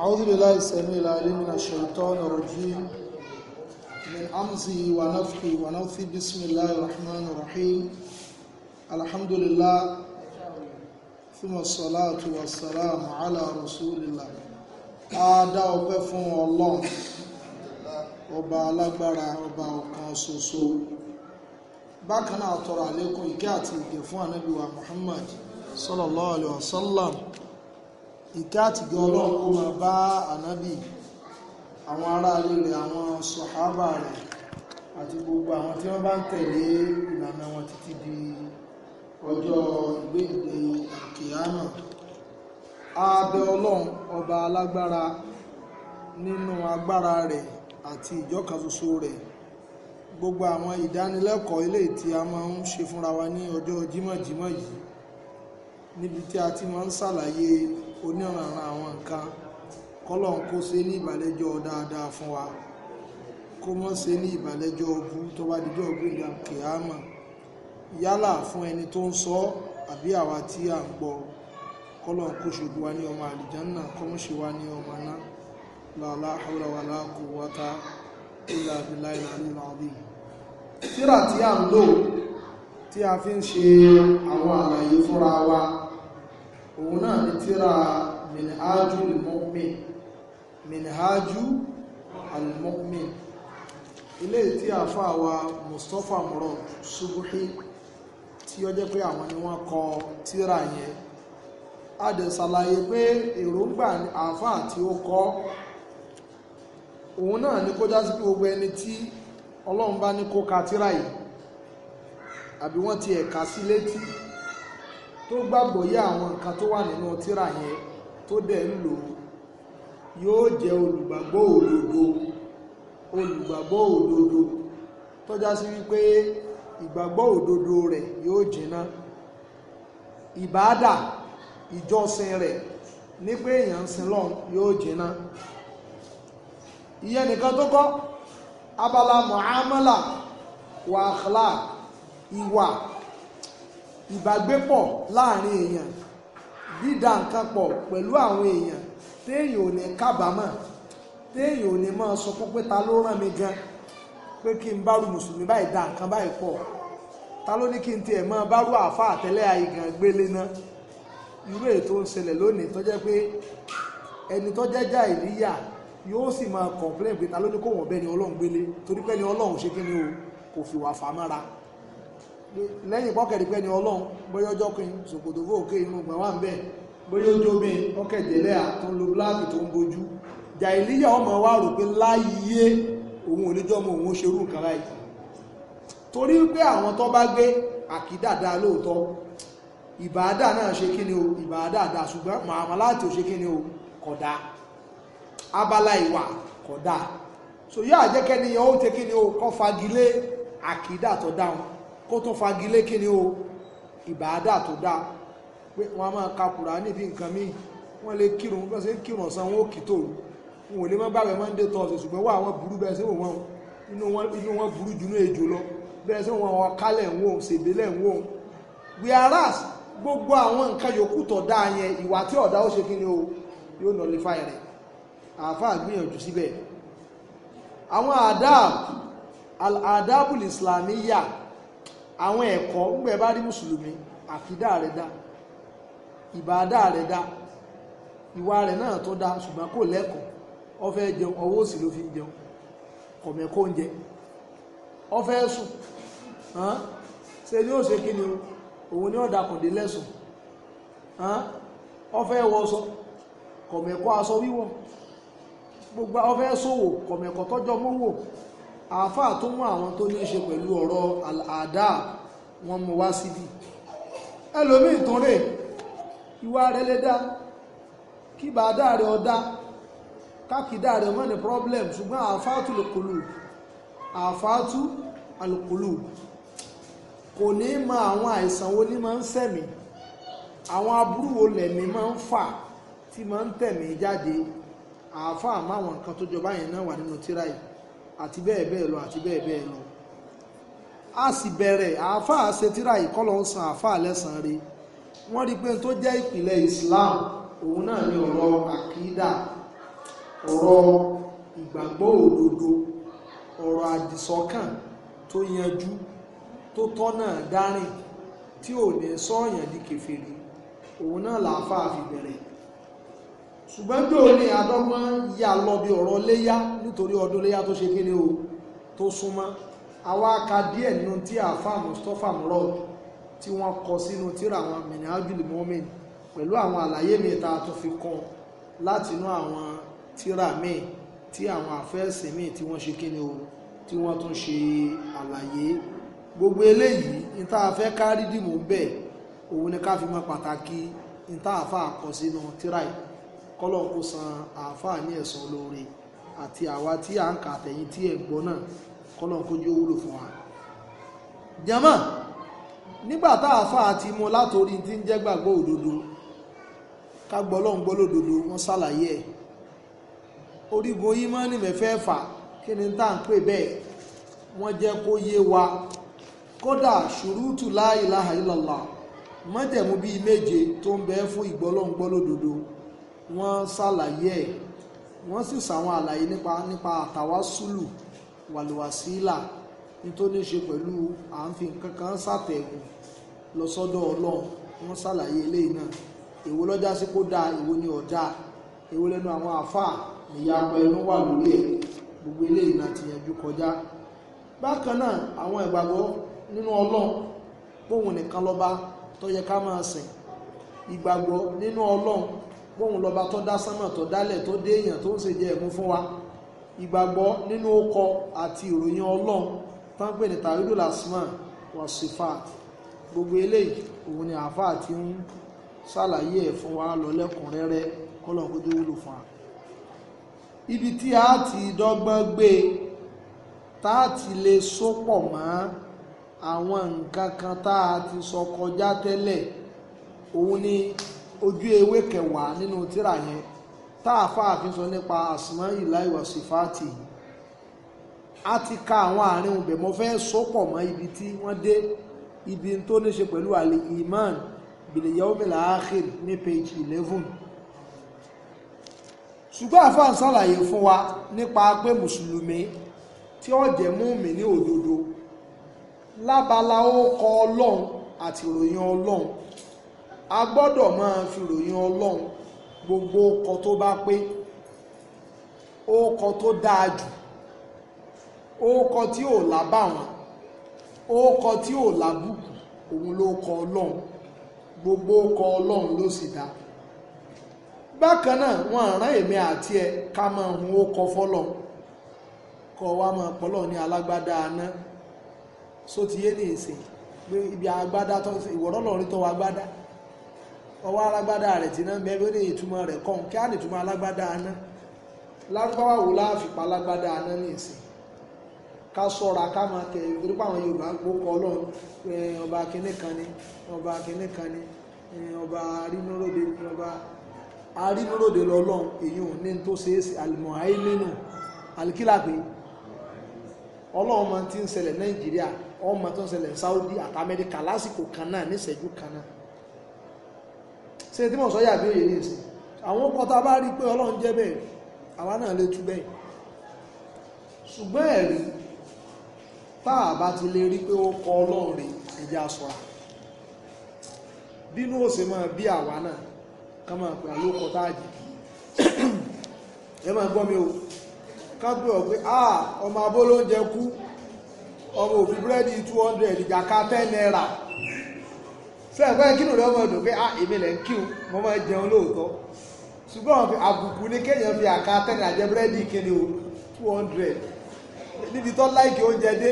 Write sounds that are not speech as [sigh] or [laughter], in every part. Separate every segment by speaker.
Speaker 1: أعوذ بالله السميع العليم من الشيطان الرجيم من أمزه ونفخه ونفثه بسم الله الرحمن الرحيم الحمد لله ثم الصلاة والسلام على رسول الله Adá ọpẹ́ fún Ọlọ́run ọba alágbára ọba ọ̀kan ṣoṣo bákan náà tọrọ àlékún ìkẹ́ àti ìgẹ̀ fún ànábì wa Muhammad sallallahu alaihi wasallam ìkẹ́ àtìgẹ́ ọlọ́run kó máa bá ànábì àwọn aráalé rẹ̀ àwọn sọ̀hábà rẹ̀ àti gbogbo àwọn tí wọ́n bá ń tẹ̀lé ìlànà wọn títí di ọjọ́ ìgbéǹde ìkìyàmà abẹ ọlọ́run ọba alágbára nínú agbára rẹ̀ àti ìjọ́kanṣoṣo rẹ̀ gbogbo àwọn ìdánilẹ́kọ̀ọ́ eléyìí tí a máa ń ṣe fúnra wa ní ọjọ́ jímọ̀jímọ̀ yìí níbi tí a ti máa ń ṣàlàyé oníranran àwọn nǹkan kọ́lọ́n kó ṣe ní ìbàlẹ́jọ́ dáadáa fún wa kó mọ́ ṣe ní ìbàlẹ́jọ́ ọbú tó bá dijọ́ gbìyànjú kìámà yálà fún ẹni tó ń sọ àbí àwa tí à ń gbọ́ kọ́lọ́n kó ṣògbó wa ní ọmọ àlìjánà kọ́mọ́ṣe wa ní ọmọ náà lọ́la hawla wala quwwata illa billahi al-aliyyil azim tírà tí à ń lò tí a fi ń ṣe àwọn àlàyé fúnra wa. òun náà ni tíra minhajú al-mu'min minhajú al-mu'min ilé tí àfáà wa Mustapha Murad Subuhi tí ó jẹ́ pé àwọn ni wọ́n kọ tíra yẹn adẹ̀sàlàyé pé èròǹgbà àfáà tí ó kọ òun náà ni kó jásí pé gbogbo ẹni tí Ọlọ́run bá ní kó ka tíra yìí àbí wọ́n ti ẹ̀ka sí létí tó gbàgbọ́ yé àwọn nǹkan tó wà nínú tírà yẹn tó dẹ̀ ń lò yóò jẹ́ olùgbàgbọ́ òdodo olùgbàgbọ́ òdodo tọ́já sí wípé ìgbàgbọ́ òdodo rẹ̀ yóò jìnnà ìbáàdà ìjọsìn rẹ̀ ní pé èèyàn sin lọ́n yóò jìnnà ìyẹn nìkan tó kọ́ abala muamala wa akhlaq ìwà ìbágbépọ̀ láàrin èèyàn dídá nǹkan pọ̀ pẹ̀lú àwọn èèyàn téèyàn ò ní kábàámọ̀ téèyàn ò ní máa sọ pé ta ló rán mi gan pé kí n bárù mùsùlùmí báyìí dá nǹkan báyìí pọ̀ ta ló ní kí n tiẹ̀ máa bárù àfa àtẹ́lẹ̀ àìgàn gbélé ná irú èyí tó ń ṣẹlẹ̀ lónìí tó jẹ́ pé ẹni tó jẹ́ já ìlíyà yóò sì máa kọ̀ǹpléǹ pé ta ló ní kó wọ́n bẹ́ni ọlọ́run gbélé torí pé ni ọlọ́run ṣe kí ni o kò fìwà fà mọ́ra lẹ́yìn pọ́kẹ̀rì pẹ́ ni ọlọ́run bóyá ọjọ́ kan ṣòkòtò fòókè inú gbọ̀n wà ń bẹ̀ bóyá ojú omi ọkẹ̀jẹ̀lẹ́ tó ń lo bláàkì tó ń bojú jàìlíyà ọmọ wa rò pé láyé òun oníjọ́mọ òun ṣerú nǹkan láì torí pé àwọn tó bá gbé àkídàdà lóòótọ́ ìbàdà náà ṣe kí ni o ìbàdà dà ṣùgbọ́n màmá láti ò ṣe kí ni o kódà abala ìwà kódà so yóò àjẹ́kẹ́ ni ó tẹ́ kí ni o kọ́ fagilé àkídà tó dáhùn kó tún fagilé kí ni o ìbáadà tó dáa pé wọn a máa ka Kùránì bí nǹkan míì wọn lè kírun bí wọn ṣe ń kírun ọ̀sán wọn ò kì tó wọn ò lè má gbàgbé Monday Thursday ṣùgbọ́n wà wọn burú bẹ́ẹ̀ sí wọn inú wọn burú jù ní èjò lọ bẹ́ẹ̀ sí wọn wọn kálẹ̀ ń wò ṣèbílẹ̀ ń wò whereas gbogbo àwọn nǹkan yòókù tó dáa yẹn ìwà tí ọ̀dá ó ṣe kí ni o yóò nullify rẹ̀ àáfàá gbìyànjú síbẹ̀ àwọn adab al adabul islamiyya àwọn ẹ̀kọ́ ńgbẹ̀ bá rí mùsùlùmí àfidá rẹ̀ dá ìbàdá rẹ̀ dá ìwà rẹ̀ náà tó dá ṣùgbọ́n kò lẹ́kọ̀ọ́ ọfẹ́ jẹun ọwọ́ òsì ló fi ń jẹun kọ̀mẹ̀kọ́ oúnjẹ ọfẹ́ ni ó ṣe kí ni òun ni ó lẹ́sùn wọṣọ aṣọ wíwọ̀ gbogbo àáfàá tó mú àwọn tó ní ṣe pẹ̀lú ọ̀rọ̀ àdá wọn mú wá síbi ẹlòmíì tó rè ìwà rẹ̀ lè dá kí bàdá rẹ̀ ọ̀dá kákìdá rẹ̀ mọ́ ní problem ṣùgbọ́n àáfàátù lòkòlù àáfàátù àlòkòlù kò ní mọ àwọn àìsàn wo ní máa ń sẹ̀mí àwọn aburú wo lẹ̀mí máa ń fà tí máa ń tẹ̀mí jáde àáfàá máwọn nǹkan tó jọba yẹn náà wà nínú tíra àti bẹ́ẹ̀ bẹ́ẹ̀ lọ àti bẹ́ẹ̀ bẹ́ẹ̀ lọ a sì bẹ̀rẹ̀ àáfàá ṣetíra ìkọlọ̀ ń san àáfàá lẹ́sàn-án re wọ́n rí pé tó jẹ́ ìpìlẹ̀ Islam òun náà ni ọ̀rọ̀ àkídà ọ̀rọ̀ ìgbàgbọ́ òdodo ọ̀rọ̀ àdìsọ́kàn tó yanjú tó tọ́nà dárìn tí ò ní sọ́ọ̀yàn di kèfèrí òun náà làáfàá fi bẹ̀rẹ̀ ṣùgbọ́n tó ní àdọ́gbọ́n yà lọ bí ọ̀rọ̀ léyá nítorí ọdún léyá tó ṣe kíní o tó súnmọ́ àwa ka díẹ̀ nínú tí àfà Mustapha murad tí wọ́n kọ sínú tíra àwọn mìnàjúlì mọ́mìn pẹ̀lú àwọn àlàyé mi ta tó fi kọ látinú àwọn tíra míì tí àwọn àfẹ́ẹ̀sìn míì tí wọ́n ṣe kíní o tí wọ́n tún ṣe àlàyé gbogbo eléyìí níta fẹ́ kárí dìmọ̀ bẹ́ẹ̀ òun ni ká fi mọ pàtàkì níta àfà kọ sínú tíra yìí kọ́lọ̀ kó san àáfàá ní ẹ̀san olóore àti àwa tí à ń kà àtẹ̀yìn tí ẹ̀ gbọ́ náà kọ́lọ̀ kó jẹ́ wúlò fún wa. jama nígbà tá àáfàá ti mú látòrí tí ń jẹ́ gbàgbọ́ òdodo ká gbọ́ lọ́n gbọ́ lódodo wọ́n ṣàlàyé ẹ̀ orígun ìmánì mẹ́fẹ̀ẹ̀fà kí ni tá à ń pè bẹ́ẹ̀ wọ́n jẹ́ kó yé wa kódà ṣùrùtù la ilaha illallah mọ́jẹ̀mú bíi méje tó ń bẹ fún ìgbọ́lọ́ngbọ́lódodo wọ́n ṣàlàyé ẹ̀ wọ́n sì ṣàwọn àlàyé nípa nípa àtàwásùlù wàlúwàsílà nítorí ṣe pẹ̀lú à ń fi nǹkan kan ṣàtẹ̀gùn lọ sọ́dọ̀ ọlọ́run wọ́n ṣàlàyé eléyìí náà èwo lọ́jà sí kó dáa èwo ni ọ̀dà èwo lẹ́nu àwọn àáfàá ìyapa ẹnu wà lórí ẹ̀ gbogbo eléyìí náà ti yanjú kọjá bákan náà àwọn ìgbàgbọ́ nínú ọlọ́run póun nìkan lọ́ba tó yẹ ká máa sìn ìgbàgbọ́ nínú ọlọ́run bóun lọ́ba tó dá sánmà tó dálẹ̀ tó dé èèyàn tó ń ṣe jẹ ẹ̀mú fún wa ìgbàgbọ́ nínú ọkọ àti ìròyìn ọlọ́run tó pè ní tàrídù lásìmọ̀ wàsífàt gbogbo eléyìí òun ni àáfàá ti ń ṣàlàyé ẹ̀ fún wa lọ lẹ́kùnrẹ́rẹ́ kọ́lọ́n kó tó wúlò fún wa ibi tí a ti dọ́gbọ́n gbé tá a ti lè sópọ̀ mọ́ àwọn nǹkan kan tá a ti sọ kọjá tẹ́lẹ̀ òun ni ojú ewé kẹwàá nínú tírà yẹn táàfáà fi sọ nípa àsìmọ́ ìlà ìwàsífàtì a ti ka àwọn àárín òbẹ̀ mo fẹ́ sọ́pọ̀ mọ́ ibi tí wọ́n dé ibi tó ní ṣe pẹ̀lú àlè iman bìlẹ̀yàwómìlà áhìr ní page eleven ṣùgbọ́n àfáà ń ṣàlàyé fún wa nípa pé mùsùlùmí tí ó jẹ́ múmi ní òdodo lábala ó kọ ọlọ́run àti ìròyìn ọlọ́run a gbọ́dọ̀ máa fi ròyìn ọlọ́run gbogbo ọkọ̀ tó bá pé ọkọ̀ tó dáa jù ọkọ̀ tí ò lábàwọ́n ọkọ̀ tí ò lábùkù òun ló kọ ọlọ́run gbogbo ọkọ̀ ọlọ́run ló sì dá bákan náà wọ́n rán èmi àti ẹ ká máa hun ọkọ̀ fọ́lọ̀ kọ́ wa máa pọ́lọ̀ ní alágbádá aná só ní ìsìn pé ibi agbádá tó ìwọ̀rọ̀ lọ́rin tó wa agbádá ọwọ́ alágbádá rẹ̀ tí náà bẹ́ẹ̀ lóde ìtumọ̀ rẹ̀ kọ́ kí á lè túmọ̀ alágbádá aná lárúbáwá wo láàfipá alágbádá aná ní ìsìn ká sọ́ra ká máa tẹ̀ torí pé àwọn Yorùbá gbókọ̀ ọlọ́run ọba kínní kan ni ọba kínní kan ni ọba arínúròde ọba arínúròde lọ́lọ́run èyí ò ní tó ṣe é sí àlùmọ̀ ayé nínú àlùkílàpé ọlọ́run máa ti ń ṣẹlẹ̀ Nàìjíríà ọmọ tó ń ṣẹlẹ̀ Saudi àti Amẹ́ríkà lásìkò kan náà níṣẹ́jú kan náà ṣe tí mọ̀ sọ́yà bí òye ní ìsìn àwọn tá a bá rí pé ọlọ́run jẹ́ bẹ́ẹ̀ àwa náà lè tú bẹ́ẹ̀ ṣùgbọ́n ẹ̀rí tá a bá ti lè rí pé ó kọ ọlọ́run rè ẹ̀já sọ́ra bínú máa bí àwa náà ká máa pè ẹ máa gbọ́ mi o ká pè ọmọ abó ló ń jẹ kú ọmọ òfin búrẹ́dì two hundred ìjàká naira sẹ́yìn pé kínú rẹ ọmọ ọdún pé ah èmi lẹ̀ ń kíw mo máa jẹun lóòótọ́ ṣùgbọ́n àbùkù ní kéèyàn fi àká tẹ́nì àjẹ búrẹ́dì kíni o two hundred níbi tó láìkì oúnjẹ dé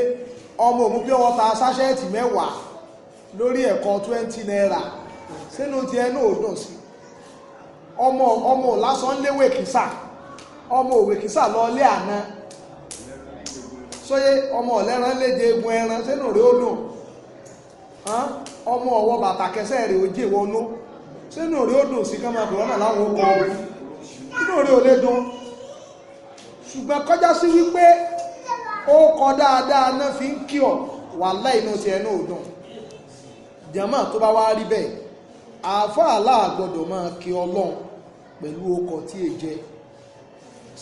Speaker 1: ọmọ òun bí wọ́n ta sáṣẹ́ẹ̀tì mẹ́wàá lórí ẹ̀kọ́ twenty naira sínú ti ẹnu òdùn sí ọmọ ọmọ lásán léwé kìsà ọmọ òwe kìsà lọ lé àná sóyé ọmọ ọ̀lẹ́ran léje egun ẹran sínú rẹ̀ ó dùn ọmọ ọwọ́ bàtà kẹsẹ̀ rẹ̀ ojì ìwọnú sínú rí ó dùn sí kọ́mọ kòrónà láwọn okọ̀ ọ̀rọ̀ inú rí ó lé dùn ṣùgbọ́n kọjá sí wípé ó kọ dáadáa náà fi ń kí ọ wàhálà inú ti ẹnu òdùn jàmáà tó bá wá rí bẹ́ẹ̀ àáfàá aláàgbọ́dọ̀ máa kí ọlọ́run pẹ̀lú ọkọ̀ tí è jẹ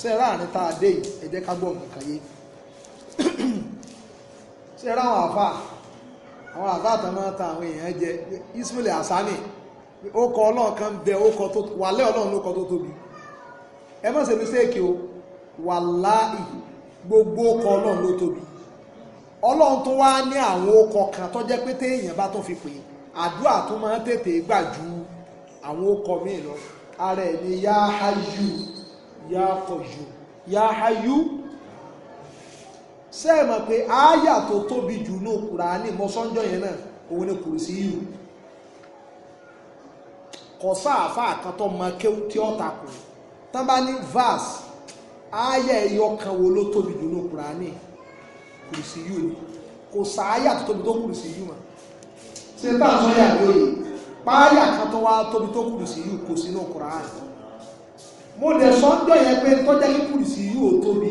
Speaker 1: sẹ́rà àárín tá a dé yìí jẹ́ ká gbọ́ nǹkan yé sẹ́rà [clears throat] àwọn àáfàá àwọn àbáàtà máa ta àwọn èèyàn jẹ Ismail Asani ó kọ ọlọ́run kan bẹ ó kọ tó wàlẹ́ ọlọ́run ló kọ tó tóbi ẹ má ṣe mistake o wàláì gbogbo ọkọ̀ ọlọ́run ló tóbi ọlọ́run tó wá ní àwọn ọkọ̀ kan tó jẹ́ pé téèyàn bá tó fi pè àdúrà tó máa ń tètè gbà ju àwọn ọkọ̀ míì lọ ara ẹ̀ ni yá hayyu yá kọ̀yù yá hayyu ṣé ẹ mọ̀ pé àáyà tó tóbi jù ní Kùránì mọ́sánjọ́ yẹn náà òun ni kùrù sí yìí kò sáàfà àkàtọ̀ mọ kéwù tí ó takò tán bá ní vas àáyà ẹyọ kan wo ló tóbi jù ní Kùránì kùrù sí yìí ni kò sáàyà tó tóbi tó kùrù sí yìí mọ̀ ṣé bá a sọ yà lóye páyà kan tó wá tóbi tó kùrù sí yìí kò sínú Kùránì mo dẹ̀ sọ́njọ́ yẹn pé tọ́jà kí kùrù sí yìí ò tóbi.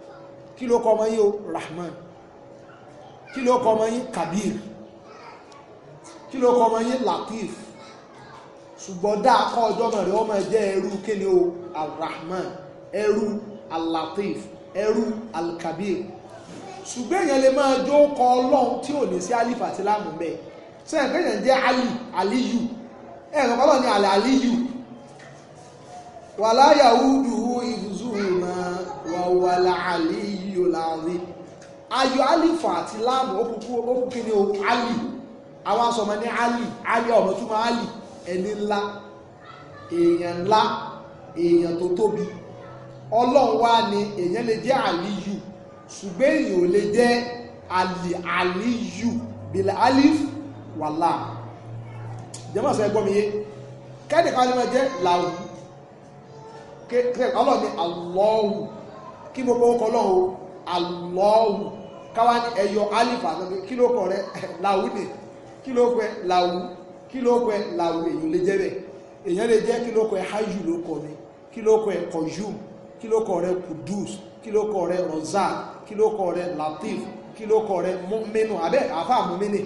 Speaker 1: kí ló kọ ọmọ yín o rahman kí ló kọ ọmọ yín kabir kí ló kọ ọmọ yín latif ṣùgbọ́n dáa kọ́ ọjọ́ náà rẹ̀ ọmọ ẹ̀jẹ̀ ẹrú kíni o alrahman ẹrú alatif ẹrú alkabir ṣùgbọ́n èèyàn lè máa jó kọ ọlọ́run tí ò ní sí alif àti láàmú bẹ́ẹ̀ sẹ́yìn pé èèyàn jẹ́ ali aliyu ẹ̀rọ kọ́lọ́ ni alẹ́ aliyu wàlá yahudu ìzùzù mà wàwàlà aliyu láàrin ayọ̀ alifa àti láàmù ókùnkùn kíni o ali àwọn asọ̀mọ̀ ní ali ali ọ̀nà túmọ̀ ali ẹni ńlá èèyàn ńlá èèyàn tó tóbi ọlọ́run wá ni èèyàn lè jẹ́ aliyu ṣùgbọ́n èèyàn ò lè jẹ́ ali aliyu bìlà alif wàlá jẹ́mọ̀ sọ ẹgbọ́n mi yé kẹ́nìkan ni wọ́n jẹ́ làwù ọlọ́run ni àlọ́hù kí gbogbo ọkọ̀ ọlọ́run alọ́ọ̀hù káwá ní ẹyọ alifa lọ́gbẹ́ kí ló kọ rẹ làwù ni kí ló pẹ làwù kí ló pẹ làwù èyàn lè jẹ́ bẹ̀ èyàn lè jẹ́ kí ló kọ hajj ló kọ ni kí ló kọ kọjúm kí ló kọ rẹ kudus kí ló kọ rẹ rọza kí ló kọ rẹ latif kí ló kọ rẹ mọ́mínú abẹ́ àfa mọ́mínì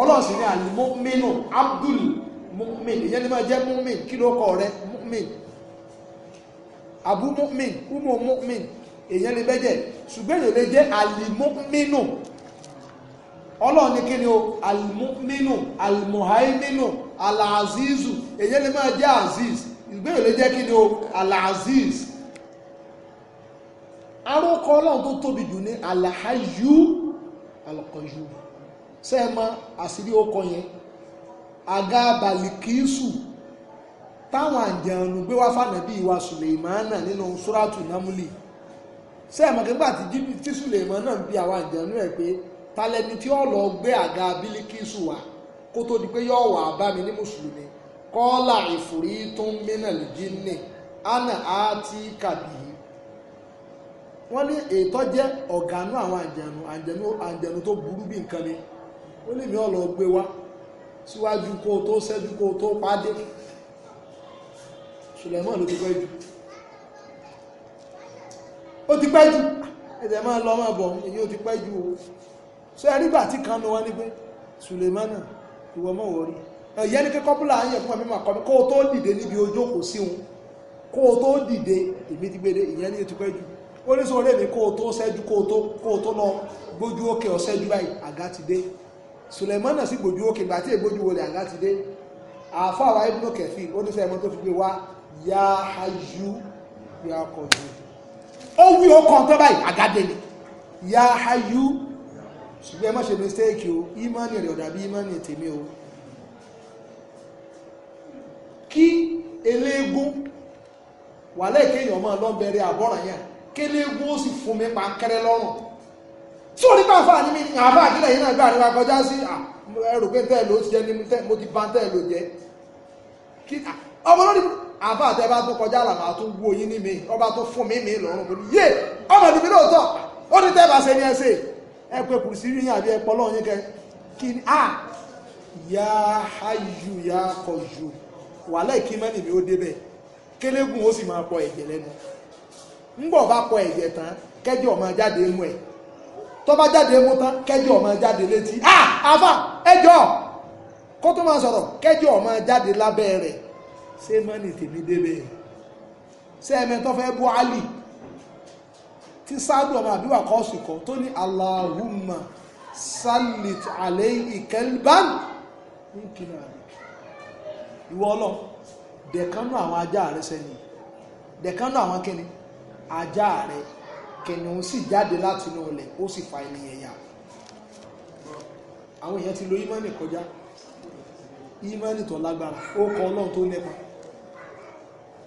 Speaker 1: ọlọ́sìn ní àlè mọ́mínú abdul mọ́mìn èyàn lè máa jẹ́ mọ́mìn kí ló kọ rẹ mọ́mìn abu mọ́mìn umu mọ́mìn èèyàn lè bẹ́jẹ̀ ṣùgbọ́n èèyàn lè jẹ́ alimuminu ọlọ́run ní kíni o alimuminu alimuhaiminu alazizu èèyàn lè máa jẹ́ aziz ṣùgbọ́n èèyàn lè jẹ́ kíni o alaziz arókọ ọlọ́run tó tóbi jù ní alahayu alakọyu sẹ́ẹ̀mọ́ àṣírí ọkọ yẹn aga balikisu táwọn àjẹun gbé wá fànàbí ìwà sùlẹ̀mánà nínú súrátù námúlì ṣé ẹ̀ mọ̀kẹ́ gbà tí tí naa náà bi àwọn anjanu e pé talẹ́ni tí ó lọ gbé àga Bílíkísù wá kó tó di pé yóò wà bá mi ní mùsùlùmí kọ́là ìfòrí tó ń mínà lùjí nì ánà á ti kàbí wọ́n ní ètò jẹ́ ọ̀gánú àwọn àjẹnú àjẹnú àjẹnú tó burú bí nǹkan ni ó lè mi ó lọ gbé wá síwájú kó tó ṣẹ́jú kó tó pàdé ó ti pẹ́ jù ẹ̀dẹ̀ máa lọ máa bọ̀ èyí ó ti pẹ́ jù o so ẹ̀rígbà tí kan ló wá ní pé Sulemana ìwọ mọ̀ wọ̀rí ẹ̀yẹ́ ní kíkọ́ búlà ń yẹ fún ẹ̀mí máa kọ́ mi kó o tó dìde níbi ojú kò sí òun kó o tó dìde èmi ti gbére ìyẹn ní ó ti pẹ́ jù ó ní sọ̀rọ̀ èmi kó o tó ṣẹ́jú kó o tó kó o tó lọ gbójú òkè ọ̀ṣẹ́jú báyìí àga ti dé Sulemana sì gbójú òkè gbà tí ègbójú wọlé àga ti dé àfáà wa ibùdó kẹfì ó ní sọ ẹ̀mọ́ tó fi gbé wa yá ayú yá kọjú ó wí ọkàn tó báyìí àgádé ni ya hayu ṣùgbọ́n ẹ má ṣe mistake o imani rẹ̀ ọ̀dà imani tèmi o kí eléégún wà lẹ́ẹ̀kẹ́ èèyàn máa lọ bẹ̀rẹ̀ àbọ̀ràn yẹn kí eléégún ó sì fún mi pankẹ́rẹ́ lọ́rùn tí ò ní bá àfáà ní mi ní àfáà àdílẹ̀ yìí náà gbà ní wa kọjá sí ẹrù pé tẹ́ẹ̀ ló ti jẹ́ ní mo ti bá tẹ́ẹ̀ ló jẹ́ ọmọ lórí àbá àtẹ bá tó kọjá àlàmà tó wú oyin ní ọba tó fún mi mi lọ́rùn mo ní yé ọmọ ìdìbò náà tọ̀ ó ní tẹ́ẹ̀bà ṣe ní ẹsẹ̀ ẹ pé kùrùsí rí yín àbí ẹ pọ́ lọ́run yín kẹ kí ni ah ya ya kọjú wàhálà pọ ẹ̀jẹ̀ lẹ́nu ńgbọ̀ pọ ẹ̀jẹ̀ tán jáde mú jáde mú tán kẹjọ jáde létí ah ẹjọ kó tó máa ṣé mọ́nì tèmi débẹ̀ ṣé ẹ̀mẹ́ tó fẹ́ bú Alì tí sáàdù ọmọ àbíwà kọ́ sí kọ́ tó ní Allahumma salit alayhi kalban ní kìnnà rẹ̀ ìwọ ọlọ́ dẹ̀kánú àwọn ajá rẹ̀ sẹ́ni dẹ̀kánú àwọn kẹ́ni ajá rẹ̀ kìnìún sì jáde láti inú ilẹ̀ ó sì fa ènìyàn yà àwọn èèyàn ti lo ìmánì kọjá ìmánì tó lágbára ó kọ ọlọ́run tó nípa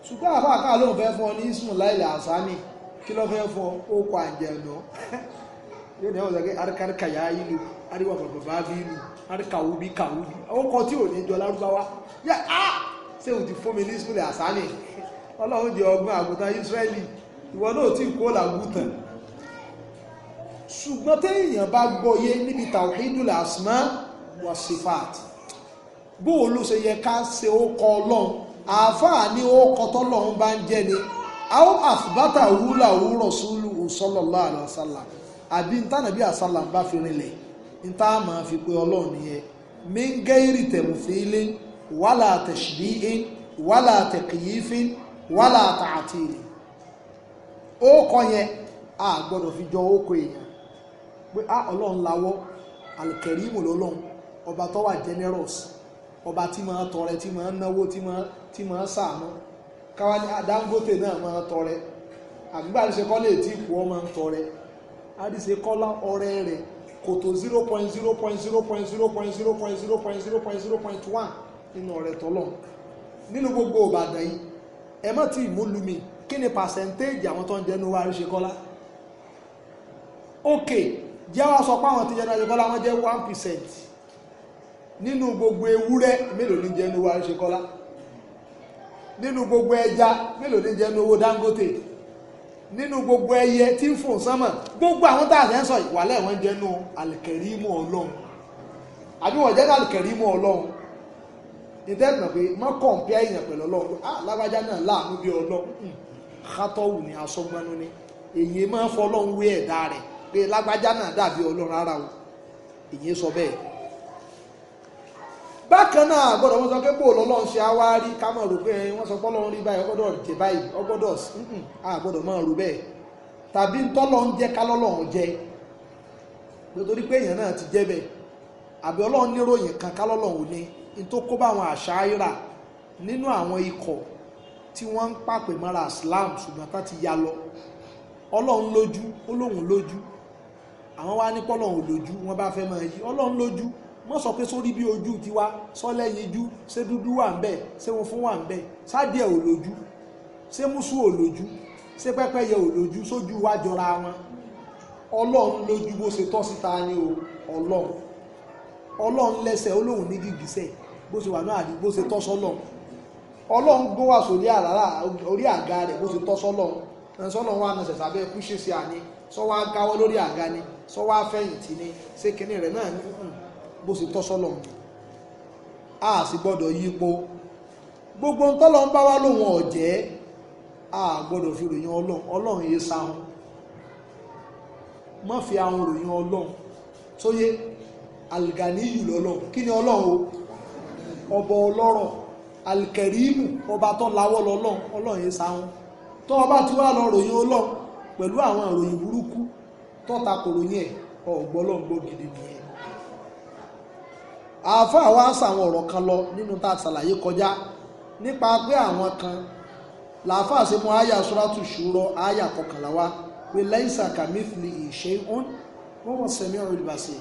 Speaker 1: ṣùgbọ́n àfáà káà ló ń fẹ́ fún ọ ní sùn láìlẹ̀ àsánì kí ló fẹ́ fún ó kọ àjẹ̀nà yóò ní ọ̀sẹ̀ pé àríkàríkà yá ìlú àríwá bàbà bá bí ìlú àríkàwú bí kàwú bí ọkọ̀ tí ò ní jọ lárúbáwá yá á ṣé o ti fún mi ní sùn lẹ̀ àsánì ọlọ́run jẹ ọgbọ́n àgùntàn Ísírẹ́lì ìwọ náà tí kó làgùntàn ṣùgbọ́n téèyàn bá gbọ́yé níbi tawhidul asma wa sifat bóòlù ṣe yẹ ká ṣe ó kọ ọlọ́run àáfàá ní ó kọtọ́ lọ́hún bá ń jẹ́ ni àwọn àfìbátà wúlà òwúrọ̀ sólù sallallahu ala asala àbí ntànàbí àsálà bá fi rinlẹ̀ nta máa fi pé ọlọrun nìyẹn mingẹ́rì tẹ̀mùfẹ́lẹ́ wàlà tẹ̀síbíhìn wàlà tẹ̀kìyífín wàlà tààtìlì ó kọ yẹn a gbọ́dọ̀ fi jọ ókò èèyàn pé a ah, ọlọrun ọba tó wà ọba tí máa tọrẹ tí máa náwó tí máa tí máa sàánú káwájú Dangote náà máa tọrẹ àgbígbà àdìsẹ kọ́ lè tí ìkú ọmọ ń tọrẹ àdìsẹ kọ́lá ọrẹ rẹ kò tó zero point zero point zero point zero point zero point zero point zero point zero point one nínú ọrẹ tọlọ nínú gbogbo Ìbàdàn yìí ẹ mọ̀ tí ìmúlùmí kí ni pàṣẹ́ntéèjì àwọn tó ń jẹ́ nuwa àríṣe kọ́lá ok jẹ́ wá sọ pé àwọn tí jẹ́ nuwa àríṣe kọ́lá wọ́n jẹ́ one percent nínú gbogbo ewúrẹ́ mélòó ní jẹ́ ní wa ń ṣe kọ́lá nínú gbogbo ẹja mélòó ní jẹ́ ní owó Dangote nínú gbogbo ẹyẹ tí ń fò sánmà gbogbo àwọn tá a sẹ́ ń sọ ìwàlẹ̀ wọn jẹ́ nú alìkẹ̀rímù ọlọ́run àbí wọ́n jẹ́ alìkẹ̀rímù ọlọ́run ìtẹ́tùnà pé má kọ̀ǹpẹ́ èèyàn pẹ̀lú ọlọ́run ah lágbájá náà láàánú bí ọlọ́run hmm. kátọ́wù ni asọ́gbánú ni èyí máa ń fọ ọlọ́run wé ẹ̀dá rẹ̀ pé lágbájá náà dàbí ọlọ́run rárá o èyí sọ bẹ́ẹ̀ bákan náà àgbọ̀dọ̀ wọn sọ pé bò lọ́lọ́run ṣe àwa rí ká máa rò pé wọ́n sọ pọ́lọ́run rí báyìí ọgbọ́dọ̀ jẹ báyìí ọgbọ́dọ̀ àgbọ̀dọ̀ máa rò bẹ́ẹ̀ tàbí ntọ́lọ́run jẹ́ kálọ́lọ́run jẹ nítorí pé èèyàn náà ti jẹ́ bẹ́ẹ̀ àbí ọlọ́run níròyìn kan kálọ́lọ́run ní n tó kó bá àwọn àṣà ayíra nínú àwọn ikọ̀ tí wọ́n ń pàpè mọ́ra Islam ṣùgbọ́n tá ti ya lọ ọlọ́run lójú ó lóun lójú àwọn wá ní pọ́lọ́run lójú wọ́n bá fẹ́ máa yí ọlọ́run lójú mọ́ sọ pé sórí bí ojú tiwa sọ́lẹ̀ yíjú ṣé dúdú wà ń bẹ̀ ṣé funfun wà ń bẹ̀ sádìẹ̀ ò lójú ṣé mùsù ò lójú ṣé pẹ́pẹ́yẹ ò lójú sójú wá jọra wọn ọlọ́run lójú bó ṣe tọ́ síta ni o ọlọ́run ọlọ́run lẹ́sẹ̀ olóhùn ní gìgísẹ̀ bó ṣe wà náà àdí bó ṣe tọ́ sọ́lọ́run ọlọ́run gbó wà sórí àràrà orí àga rẹ̀ bó ṣe tọ́ sọ́lọ́run sọ́lọ́run wà náà ṣẹ̀ṣà bẹ́ẹ̀ kú ṣe sí àní sọ́wọ́ á gáwọ́ lórí àga ni sọ́wọ́ á fẹ̀yìntì ni ṣé kinní rẹ̀ náà bó ṣe tọ́ sọ́lọ́run a sì gbọ́dọ̀ yípo gbogbo ń tọ́lọ́ ń bá wá lòun ọ̀jẹ́ a gbọ́dọ̀ fi ròyìn ọlọ́run ọlọ́run yé sáhun má fi àwọn ròyìn ọlọ́run sóyé alganiyu lọ́lọ́run kí ni ọlọ́run o ọba ọlọ́rọ̀ alkẹ̀rímù ọba tó lawọ́ lọ́lọ́run ọlọ́run yé sáhun tó ọba ti wá lọ ròyìn ọlọ́run pẹ̀lú àwọn ìròyìn burúkú tó takò ròyìn ẹ̀ ọ̀gbọ́lọ́gbọ́ gidi nìyẹn àáfàá wa ń sàwọn ọ̀rọ̀ kan lọ nínú tá a ṣàlàyé kọjá nípa pé àwọn kan làáfàá ṣe mú àyà sọ́ràtù ṣúrọ̀ àyà kọkànlá wa pé lẹ́yìnsà kàmífìlì ìṣe ń wọ́n wọ́n sẹ́mi ọ̀rọ̀ ìbàṣẹ́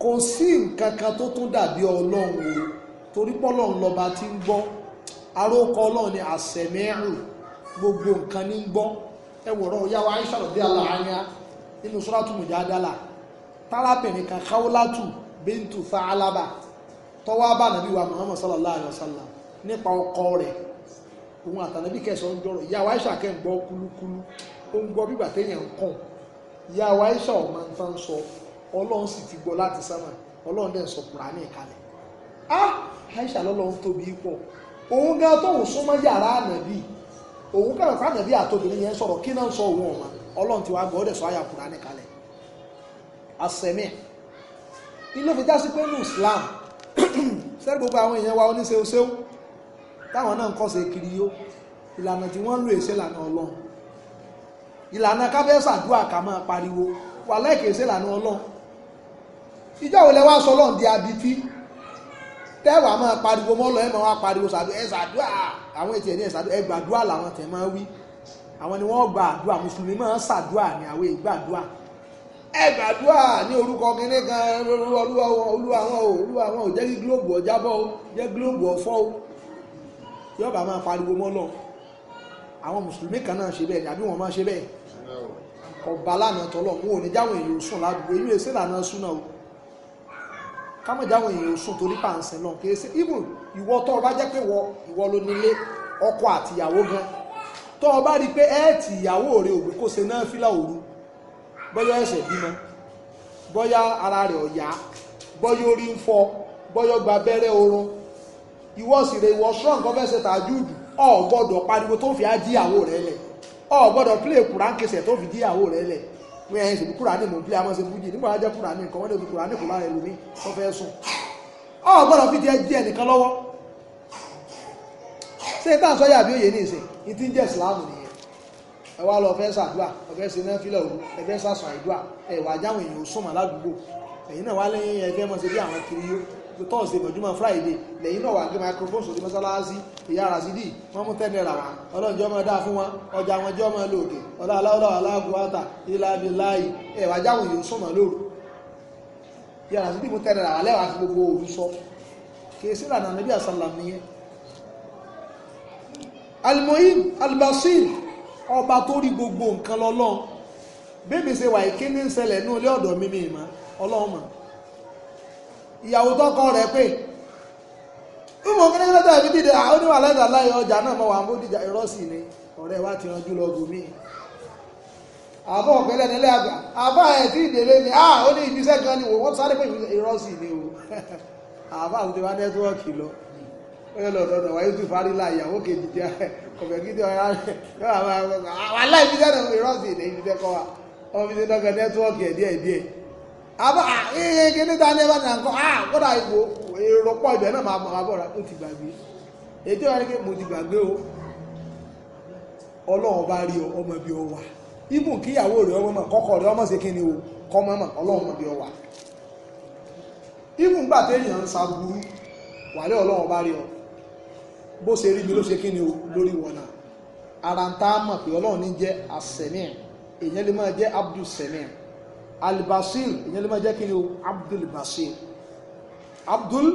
Speaker 1: kò sí nǹkan kan tó tún dàbí ọlọ́run o torí pọ́lọ́run lọ́ba ti ń gbọ́ arókọ ọlọ́run ni àṣẹmẹ́rù gbogbo nǹkan ní ń gbọ́ ẹ wọ̀rọ̀ yàwó Aisha rọ̀bí aláàánú nínú sọ́ràtù mùjádàlà tálábìnrin kan káwọ́látù bintu fàálábà tọ́wọ́ bá nàbí wa muhammad sallallahu alayhi wa nípa ọkọ rẹ̀ òun àtànàbí kẹsàn án jọrọ ìyá wáyé ṣàkẹ́ ń gbọ́ kúlúkúlú ó ń gbọ́ bígbà ń kàn ìyá ti gbọ́ láti ọlọ́run dẹ̀ ń sọ ìkalẹ̀ lọ́lọ́run tóbi pọ̀ òun gan tóun yàrá òun kàn fún ànàbí àtòbìnrin yẹn sọ̀rọ̀ kí náà ń sọ òun ọ̀ma ọlọ́run ti wá gbọ́ ọ́ dẹ̀ ilé fi já sí pé ní Islam sẹ́rí [clears throat] gbogbo àwọn èèyàn wa oníṣeoṣeó táwọn náà ń kọ́ sí kiri yó ìlànà tí wọ́n ń lò èsè lànà ọlọ́run ìlànà káfẹ́ ṣàdúrà ká máa pariwo wà láìkè èsè lànà ọlọ́run ìjọ òun lẹ wá sọ ọlọ́run di abití tẹ́wà máa pariwo mọ́ lọ ẹ̀ máa wá pariwo ṣàdúrà àwọn ètò ẹ̀ ní ẹ̀ ṣàdúrà ẹ̀ gbàdúrà làwọn tẹ̀ máa wí àwọn ni wọ́n gba àdúrà mùsùlùmí máa ń ṣàdúrà ní àwọn ìgbàdúrà ẹ ní orúkọ kínní kan olúwa olúwa olúwa ò jẹ́ kí gílóòbù o jẹ́ gílóòbù ọ̀fọ́ o yóò bá máa pariwo mọ́ lọ àwọn mùsùlùmí kan náà ṣe bẹ́ẹ̀ àbí wọ́n máa ṣe bẹ́ẹ̀ ọba lánàá tọ́lọ̀ wọn ò ní jáwọn èèyàn sùn ládùúgbò inú èsè lànà o kámọ̀ jáwọn èèyàn sùn torí pàǹsẹ̀ náà kì í ṣe ibù wọ ìwọ ló nílé ọkọ àtìyàwó gan tọ́ ọba rí pé ìyàwó rẹ òbí ṣe náà bọ́yá ẹ̀sẹ̀ bímọ bọ́yá ara rẹ̀ ọ̀yá bọ́yá orí ń fọ́ bọ́yá gba abẹ́rẹ́ oorun ìwọ sì rẹ̀ ìwọ strong kan fẹ́ ṣe tàjúùdù ọ̀ gbọ́dọ̀ pariwo tó fi á díyàwó rẹ̀ lẹ̀ ọ̀ gbọ́dọ̀ play kùrán kẹsẹ̀ tó fi díyàwó rẹ̀ lẹ̀ wọ́n yẹn ṣe kúrà ní mọ̀bílẹ̀ àmọ́ ṣe fújì nígbà wájẹ́ kúrà ní nǹkan wọ́n lè fi kúrà ní kúrà ẹlòmí tó fẹ́ sùn ọ̀ gbọ́dọ̀ fi díẹ̀ díẹ̀ nìkan lọ́wọ́ ṣé ìtàn sọ́yà bí ó yẹ ní ìsìn ìtí ń jẹ́ ìsìlámù nìyẹn ẹ wá lọ fẹ́ ṣàdúà ẹ fẹ́ ṣe náfìlà òru ẹ fẹ́ ṣàṣà àìdúà jáwọn èèyàn ó súnmọ́ ládùúgbò náà wá lẹ́yìn ẹ fẹ́ mọ̀ bí àwọn kiri yó tọ́sídẹ̀ẹ́ bọ̀júmọ̀ friday lẹ́yìn náà wà gbé microphone sórí mọ́sálásí ìyá rasidi wọ́n mú tẹ́lẹ̀ ra ọlọ́njọ́ máa dáa fún wọn ọjà wọn jọ́ máa lòkè ọlá ọba tó rí gbogbo nǹkan lọ́lọ́run bébè ṣe wà ìkíní ní ṣẹlẹ̀ ní ilé ọ̀dọ̀ ìmọ̀ ìyàwó tọkọ rẹ pé ìmọ̀ kí ní lọ́tọ̀ ẹ̀mí àwọn oníwà lẹ́dà láyé ọjà náà mọ̀ wà ń bó dìjà ni ọ̀rẹ́ wa ti lọ gòmí àbọ̀ nílé àgbà ẹ̀ tí ìdèlé ni ó ní ni wọ́n sáré pé ni [laughs] lọ ó yẹ lọ́dọọdọ wáyé tún farí ọ̀bẹ̀ gidi ọ̀yá wàhálà ìbíjẹ́ náà ìrọ́sì ilẹ̀ ìbíjẹ́ kọ́ wa ọmọ bíi dọ́gba nẹ́tíwọ́ọ̀kì ẹ̀ díẹ̀ díẹ̀ àbọ̀ àyè kíní ta ní ẹ bá nà ń kọ́ kódà ipò èrò náà máa ti gbàgbé ètò mo ti gbàgbé o bá rí ọmọ ibi ọwà kíyàwó ọmọ ọmọ sí o ibi ọwà ń sa wàlẹ́ bó ṣe rí mi ló ṣe kí ni o lórí wọn náà ara ń tá a mọ̀ pé ọlọ́run ní jẹ́ àsẹ̀míà èèyàn lè máa jẹ́ abdul sẹ̀míà albasir èèyàn lè máa jẹ́ kí ni o abdul basir abdul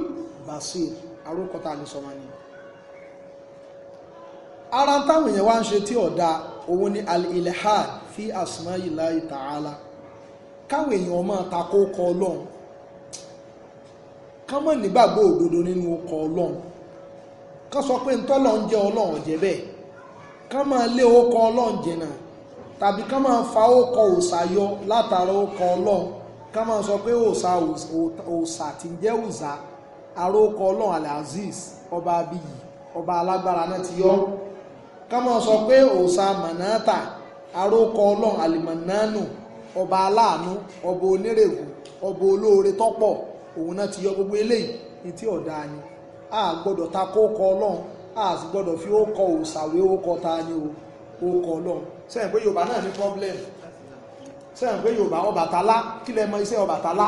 Speaker 1: basir arúkọ tá a lè sọ ma ni ara ń táwọn èèyàn wá ń ṣe tí ọ̀dà òun ni al-ilhad fi asma'illahi ta'ala káwọn èèyàn máa takò kọ ọlọ́run ká mọ̀ nígbàgbọ́ òdodo nínú ọkọ̀ ọlọ́run ká sọ pé ntọ́lọ̀ ń jẹ ọlọ́run jẹ bẹ́ẹ̀ ká máa lé ọlọ́run tàbí ká máa fa orúkọ yọ látara orúkọ ọlọ́run ká máa sọ pé òòṣà òòṣà tí ń jẹ́ ọlọ́run ọba abiyi ọba alágbára náà ti yọ ká máa sọ pé òòṣà manata ọlọ́run alimananu ọba aláàánú ọba onírèwú ọba olóore tọ́pọ̀ òun náà ti gbogbo eléyìí ní a gbọ́dọ̀ ta kó kọ ọlọ́run a sì gbọ́dọ̀ fi ó kọ òsàwé ó kọ ta ni ó kọ ọlọ́run sẹ́yìn pé yorùbá náà ní problem sẹ́yìn pé yorùbá Ọbàtálá kí lẹ mọ iṣẹ́ Ọbàtálá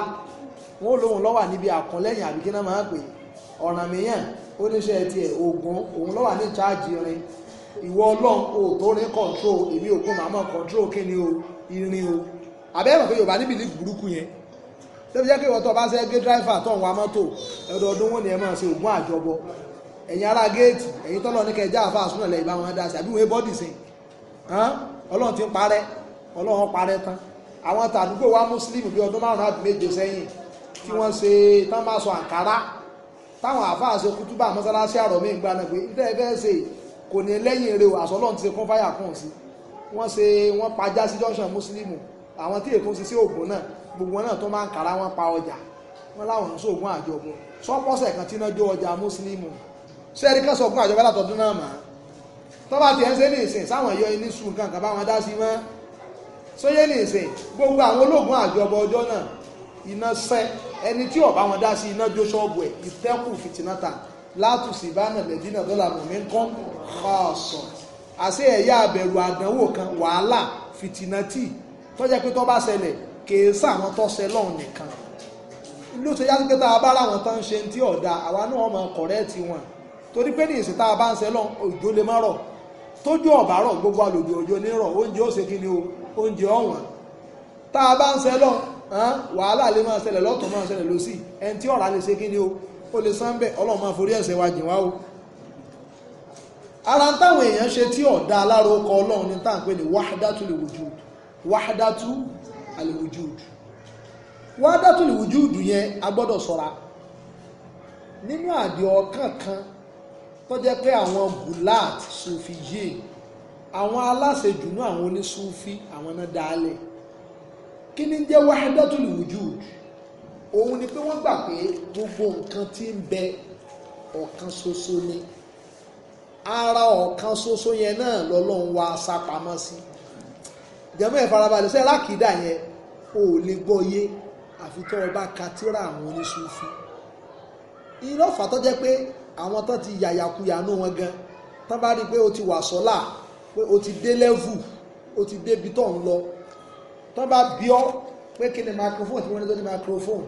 Speaker 1: wọn ò lóun lọ́wà níbi àkànlẹ́yìn àbí kí náà máa pè Ọ̀rànmíyàn oníṣẹ́ tiẹ̀ Ògún òun lọ́wà ní ìcháàjì rin ìwọ ọlọ́run o tó rin control èmi Ògún màmá control kí ni o irin o àbẹ́rẹ́ pé yorùbá níbi ní burúkú yẹn tẹ́bi jẹ́ kí ìwọ́n tó bá ṣe gbé dráìfà tó ń wa mọ́tò ẹ̀dọ̀ọdún wọn ni ẹ máa ṣe ògùn àjọbọ ẹ̀yin ará géètì ẹ̀yin tọ́lọ̀ ní kẹjá àfa àsúnà lẹ̀ ìbá wọn dá sí àbí wọn bọ́dì sí ọlọ́run ti ń parẹ́ ọlọ́run parẹ́ tán àwọn tàdúgbò wa mùsùlùmí bí ọdún márùn-ún méje sẹ́yìn tí wọ́n ṣe tán máa sọ àǹkárá táwọn àfa àṣe kútúbà mọ́sálásí àrọ̀ mí gbà àwọn tí èkó ṣe sí ògùn náà gbogbo náà tó máa ń kára wọn pa ọjà wọn láwọn ń sóògùn àjọgùn sọpọ́sẹ̀ kan tí náà jó ọjà mùsùlùmù sẹ́ẹ̀rí kan sọ̀gùn àjọba látọ̀dún náà mà tó bá tiẹ̀ ń ṣe ní ìsìn sáwọn yọ inú sùn kan kan báwọn dá sí mọ́ sóyè ní ìsìn gbogbo àwọn olóògùn àjọba ọjọ́ náà iná sẹ́ ẹni tí ọ̀bá wọn dá sí iná jó ṣọ́ọ̀bù ẹ̀ ìtẹ́kù fìtínátà látùsí ìbánà lẹ́dínà dọ́là mọ̀mí ń kọ́ ọ̀sọ̀ àṣẹ ẹ̀yà àbẹ̀rù àdánwò kan wàhálà fìtínátì tọ́jẹ́ pé tó bá ṣẹlẹ̀ kèé sáwọn tó ṣe lọ́hùn nìkan ló ṣe yásí pé tá a bá láwọn tó ń ṣe ti ọ̀dà àwa náà máa kọ̀rẹ́ẹ̀tì wọn torí pé ní ìsìn tá a bá ń ṣe lọ́hùn òjò lè má rọ̀ tójú ọ̀bá rọ̀ gbogbo àlòdì òjò ní rọ̀ oúnjẹ ó ṣe kí o oúnjẹ ọ̀wọ́n tá a bá ń ṣe lọ́hùn wàhálà lè máa ṣẹlẹ̀ lọ́tọ̀ máa ṣẹlẹ̀ lọ́sì ẹni tí ọ̀rá lè ṣe kí ni o ó lè san bẹ́ẹ̀ ọlọ́run máa forí ẹ̀ṣẹ̀ wa jìn wá o ara ń táwọn èèyàn ṣe tí ọ̀dà aláró ọkọ̀ ọlọ́run ní táǹpẹ́ ní wàhádátù lè wùjú alìwùjúùdù wádàtún ìwùjúùdù yẹn a gbọ́dọ̀ sọ́ra nínú àdì ọ̀kan kan tó jẹ́ pé àwọn gulat sufi yìí àwọn aláṣejù náà àwọn onísufi àwọn náà dálẹ̀ kí ni jẹ́ wádàtún ìwùjúùdù òun ni pé wọ́n gbà pé gbogbo nǹkan tí ń bẹ ọ̀kan ṣoṣo ni ara ọ̀kan ṣoṣo yẹn náà lọ́lọ́run wá sápamọ́ sí jẹ́mọ́ ìfarabalẹ̀ sẹ́ẹ̀ lákìdá yẹn o ò lè gbọ́ yé àfi tó o bá ka tíra àwọn oníṣúfì irọ́ fà tó jẹ́ pé àwọn tó ti yàyàkuyà nú wọn gan tó bá rí i pé o ti wà sọ́là pé o ti dé lẹ́vù o ti débi tó ń lọ tó bá bí ọ pé kí ni microphone tí wọ́n ní tó ní microphone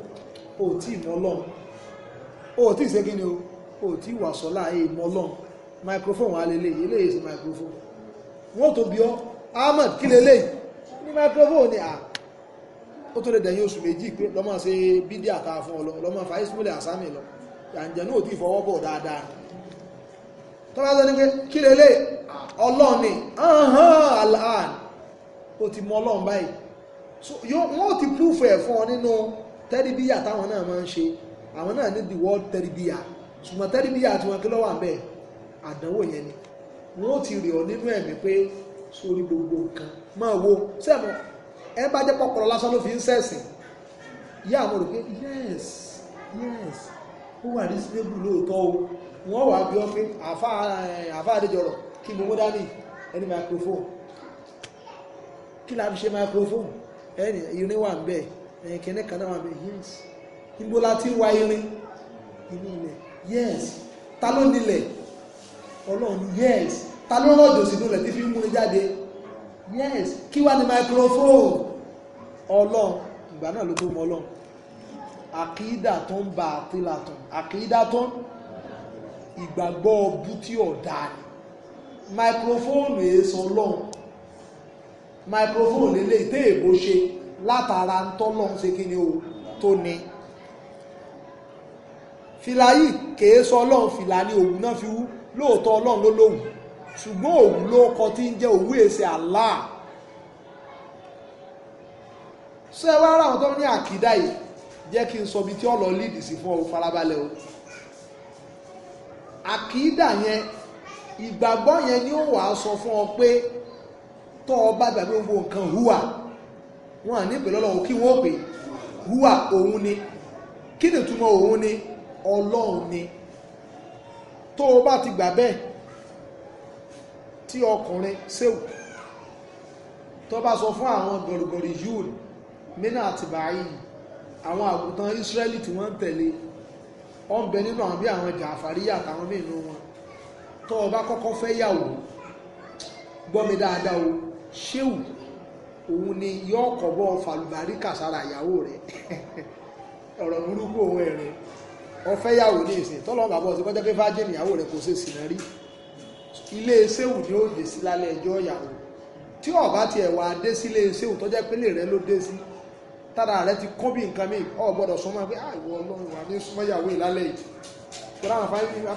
Speaker 1: o ò tí o ò ṣe kí ni o o ò wà sọ́là ẹ̀ e mọ́ microphone wà lélẹ́yìí eléyìí ṣe microphone wọ́n tó bí ọ Ahmed kí lélẹ́yìí ní microphone ni à. Ah ó tó lè dẹ̀yìn oṣù méjì pé lọ́mọ ṣe bídí àká fún ọlọ lọ́mọ fa ismail asami lọ yàǹjẹ̀ náà ò tí ì fọwọ́ bọ̀ dáadáa tọ́lá sọ ní pé kí lélẹ̀ ọlọ́run ni alhan ó ti mọ ọlọ́run báyìí wọ́n ti púfù ẹ̀ fún ọ nínú tẹ́rìbíyà táwọn náà máa ń ṣe àwọn náà ní the world tẹ́rìbíyà ṣùgbọ́n tẹ́rìbíyà tí wọ́n kí lọ́wọ́ àbẹ́ àdánwò yẹn ni wọ́n ti rí ọ nínú ẹ̀mí pé sórí gbogbo nǹkan ẹ bá jẹ́ pọ̀pọ̀lọ́ lásán ló fi ń sẹ̀sìn yá àwọn rò pé yes yes ó wà reasonable lóòótọ́ o wọ́n wà bí ọ́ pé àfá eh, àdéjọrọ̀ kí gbogbo dání ẹni microphone kí la fi ṣe microphone ẹni irin wà ń bẹ ẹ̀yìn kẹ́ni kan náà wà ń bẹ yes ibo la ti wá irin inú ilẹ̀ yes ta ló nílẹ̀ ọlọ́run yes ta ló rọ̀jò sínú ilẹ̀ tí fi ń múni jáde yes kí wá ní microphone ọlọ́run ìgbà náà ló tó mọ ọlọ́run àkídà tó ń ba àtìlà tán àkídà tó ń ìgbàgbọ́ ọbú tí ọ̀dà ni microphone èé sọ ọlọ́run microphone lélẹ̀ tẹ́ èbó ṣe látara ń tọ́lọ́ ń ṣe kí ni o tó ni fìlà yìí kèé sọ ọlọ́run fìlà ni òwú náà fi wú lóòótọ́ ọlọ́run ló lówùú ṣùgbọ́n òun ló kọ tí ń jẹ́ òwú èsì Allah ṣé ẹ wá ara àwọn tó ní àkídá yìí jẹ́ kí n sọ bí tí ọ̀lọ́ líìdì sí fún ọ farabalẹ̀ o àkídà yẹn ìgbàgbọ́ yẹn ni ó wàá sọ fún ọ pé tọ́ ọ bá gbàgbé gbogbo nǹkan hùwà wọn à ní ìpè lọ́lọ́run kí wọ́n pè hùwà òun ni kí ni ìtumọ̀ òun ni ọlọ́run ni tó o bá ti gbà bẹ́ẹ̀ tí ọkùnrin séwù tó bá sọ fún àwọn gọ̀rọ̀gọ̀rọ̀ yúùl mínà àti báyìí àwọn àgùntàn Israeli tí wọ́n ń tẹ̀lé ọ ń bẹ nínú àwọn bí àwọn jàǹfàríyà àtàwọn mìíràn wọn tó o bá kọ́kọ́ fẹ́ yàwó gbọ́ mi dáadáa o ṣéwù òun ni yóò kọ̀bọ̀ fàlùbáríkà sára ìyàwó rẹ̀ [laughs] ọ̀rọ̀ burúkú òun ẹ̀rìn ọfẹ́ yàwó ní ìsìn tọ́lọ́ bàbá ọ̀sìn kọjá pé fájì ìyàwó rẹ̀ kò ṣe sìnà rí ilé sẹ́wù ni ó dé sí lálẹ́ ẹjọ́ ìyàwó tí ọba tiẹ̀ wá dé sí ilé sẹ́wù tó jẹ́ rẹ ló dé sí tára rẹ ti kó bí nǹkan mi ò gbọ́dọ̀ súnmọ́ pé àìwọ ah, ọlọ́run wà ní súnmọ́ ìyàwó ìlálẹ́ yìí tó láwọn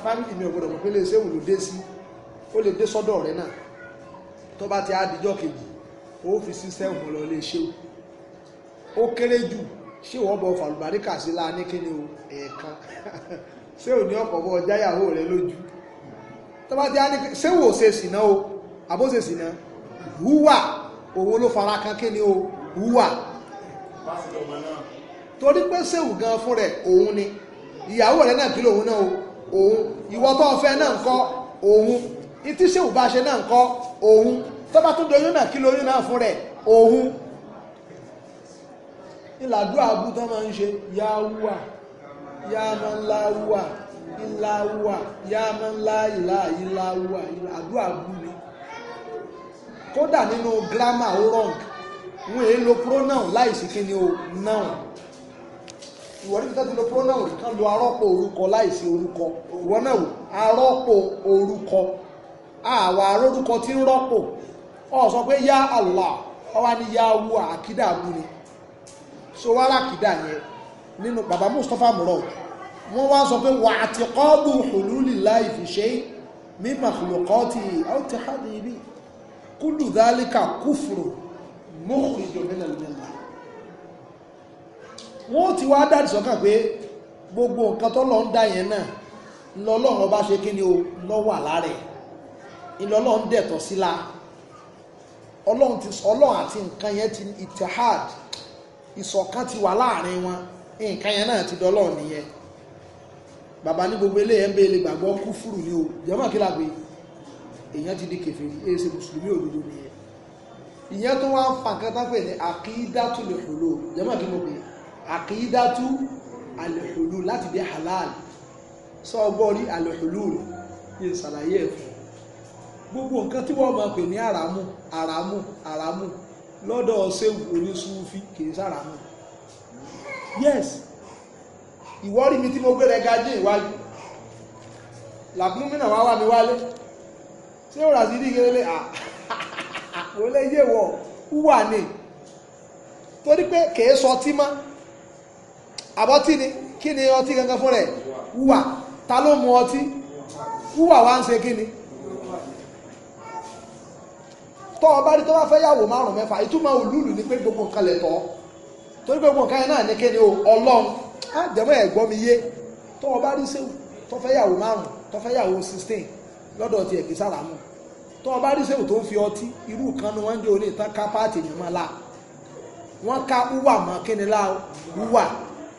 Speaker 1: fámìlì mi ò mọ̀ pé lè sẹ́wù ló dé sí ó lè dé sọ́dọ̀ rẹ náà tó bá ti á dijọ́ kejì ó fi sí sẹ́wù lọ o [laughs] tọ́ba ti á ní ṣé wò ṣe sìnà o àbó ṣe sìnà hùwà òun ló fara kan kí ni o hùwà torí pé ṣéwù gan fún rẹ̀ òun ni ìyàwó rẹ̀ náà kí lòun náà o òun ìwọ tó fẹ́ náà ń kọ́ òun ìtí ṣéwù bá ṣe náà ń kọ́ òun tọ́ba tó doyún náà kí lóyún náà fún rẹ̀ òun ìlàdúrà abú tó máa ń ṣe yáwúà yámanláwúà ńlá wà yá máa ńlá ìlà ìlà wà àdúrà bú ni kódà nínú grammar ó wrong wọn èé lo pronoun láìsí kí ni o noun ìwọ níbi tẹ́tí lo pronoun rí kán lo arọ́pò orúkọ láìsí orúkọ ìwọ náà wò arọ́pò orúkọ àwa arórúkọ tí ń rọ́pò ọ sọ pé yá Allah ọ wá ní yá wu àkídà bú ni so wàhálà kìdá yẹn nínú bàbá Mustapha murad wọ́n wá sọ pé wà àti kọ́ọ̀bù hululi láì fi ṣe mí màkùlùkọ́tì ọ̀tẹ̀hádì ibi kúlù dálíkà kúfùrù mọ́kùnrin wọ́n ti wá dáàdì sọ́kà pé gbogbo nǹkan tó lọ ń dá yẹn náà lọ́lọ́run bá ṣe kí ni o lọ́wà lárẹ̀ ìlọ́lọ́run dẹ̀tọ̀ ọlọ́run ti ọlọ́run àti nǹkan yẹn ti itihad ìṣọ̀kan ti wà láàrin wọn nǹkan yẹn náà ti dọ́lọ́run bàbá ní gbogbo ilé ẹ̀ ń bèèrè gbàgbọ́ kú fúrù ní o jẹ́mọ̀ kí làgbé èèyàn ti di kèfèrí èyí ṣe mùsùlùmí òdodo nìyẹn ìyẹn tó wá ń fa nǹkan tán pè ní àkídátù lè hùlù jẹ́mọ̀ kí mo pè àkídátù àlè hùlù láti dé halal sọ ọgbọ́n rí àlè hùlù yìí ṣàlàyé ẹ̀ fún gbogbo nǹkan tí wọ́n máa pè ní àràmù àràmù àràmù lọ́dọ̀ ṣéwù oníṣúfí kì yes ìwọ rí mi tí mo gbé rẹ gajé ìwájú làbúmínà wá wà mí wálé ṣé ó ràzí ní gẹ́gẹ́ àpò léyè wọ̀ wà ní torí pé kèé sọ tí mọ́ àbọ́tí ni kí ni ọtí gangan fún rẹ̀ wúwà ta ló mu ọtí wúwà wá ń ṣe kí ni tọ́ ọba rí tó bá fẹ́ yàwó márùn-ún mẹ́fà ìtumọ̀ òlúùlù ni pé gbogbo nǹkan lẹ̀ tọ́ torí pé gbogbo nǹkan yẹn náà ní kí ni o ọlọ́run á jẹ́mọ́ ẹ̀ gbọ́ mi yé tó o bá rí sẹ́wù tó fẹ́ yàwó márùn tó fẹ́ yàwó sixteen lọ́dọ̀ tiẹ̀ kì í sàràmù tó o bá rí sẹ́wù tó ń fi ọtí irú kan ni wọ́n ń jẹ́ oní ìtàn ká páàtì èèyàn máa la wọ́n ká wúwà mọ́ kí ni la wúwà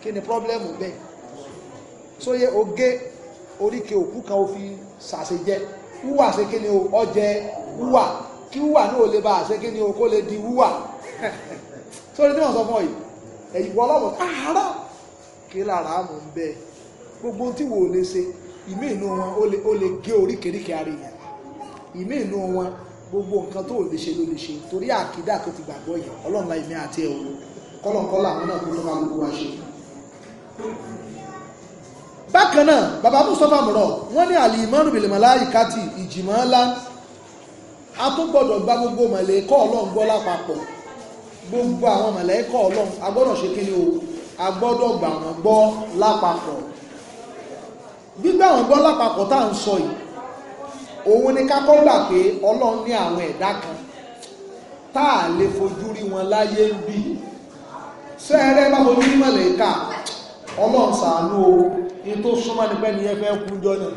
Speaker 1: kí ni pọ́blẹ́mù bẹ́ẹ̀ sóye oge oríkè òkú kan ó fi sàṣejẹ́ wúwà ṣe kí ni ọjẹ́ wúwà kí wúwà náà lè ba àṣẹ kí ni o di wúwà [laughs] sórí tí wọ́n sọ fún ọ yìí ẹ̀yìn wọ́n lọ́wọ́ kí lára àmú ń bẹ́ẹ̀ gbogbo tí wò ó lè ṣe ìmí inú wọn ó lè gé oríkèéríkèé ara èèyàn ìmí inú wọn gbogbo nǹkan tó ò lè ṣe ló lè ṣe torí àkídà tó ti gbàgbọ́ yẹn ọlọ́run láì ní àti ẹ̀ wò kọ́lọ̀kọ́lọ̀ àwọn náà kó ló máa gbogbo wa ṣe. bákan náà bàbá mustapha mọ̀rọ̀ wọ́n ní àlè ìmọ̀rún bìlìmọ̀lá ìkàtì ìjìmọ̀ ńlá a tó gbọ́dọ̀ gba gbogbo mọ̀lẹ́kọ́ ọlọ́run gbọ́ lápapọ̀ gbogbo àwọn mọ̀lẹ́kọ́ ọlọ́run a gbọ́dọ̀ ṣe kí ni o a gbọ́dọ̀ gbà wọ́n gbọ́ lápapọ̀ gbígbà wọ́n gbọ́ lápapọ̀ tá à ń sọ yìí òun ni ká kọ́ gbà pé ọlọ́run ní àwọn ẹ̀dá kan tá a lè fojú rí wọn láyé ń bì sẹ́ẹ̀rẹ́ bá fojú rí mọ̀lẹ́kà ọlọ́run ṣàánú o ní tó súnmọ́ ni pẹ́ ni ẹ fẹ́ kú jọ náà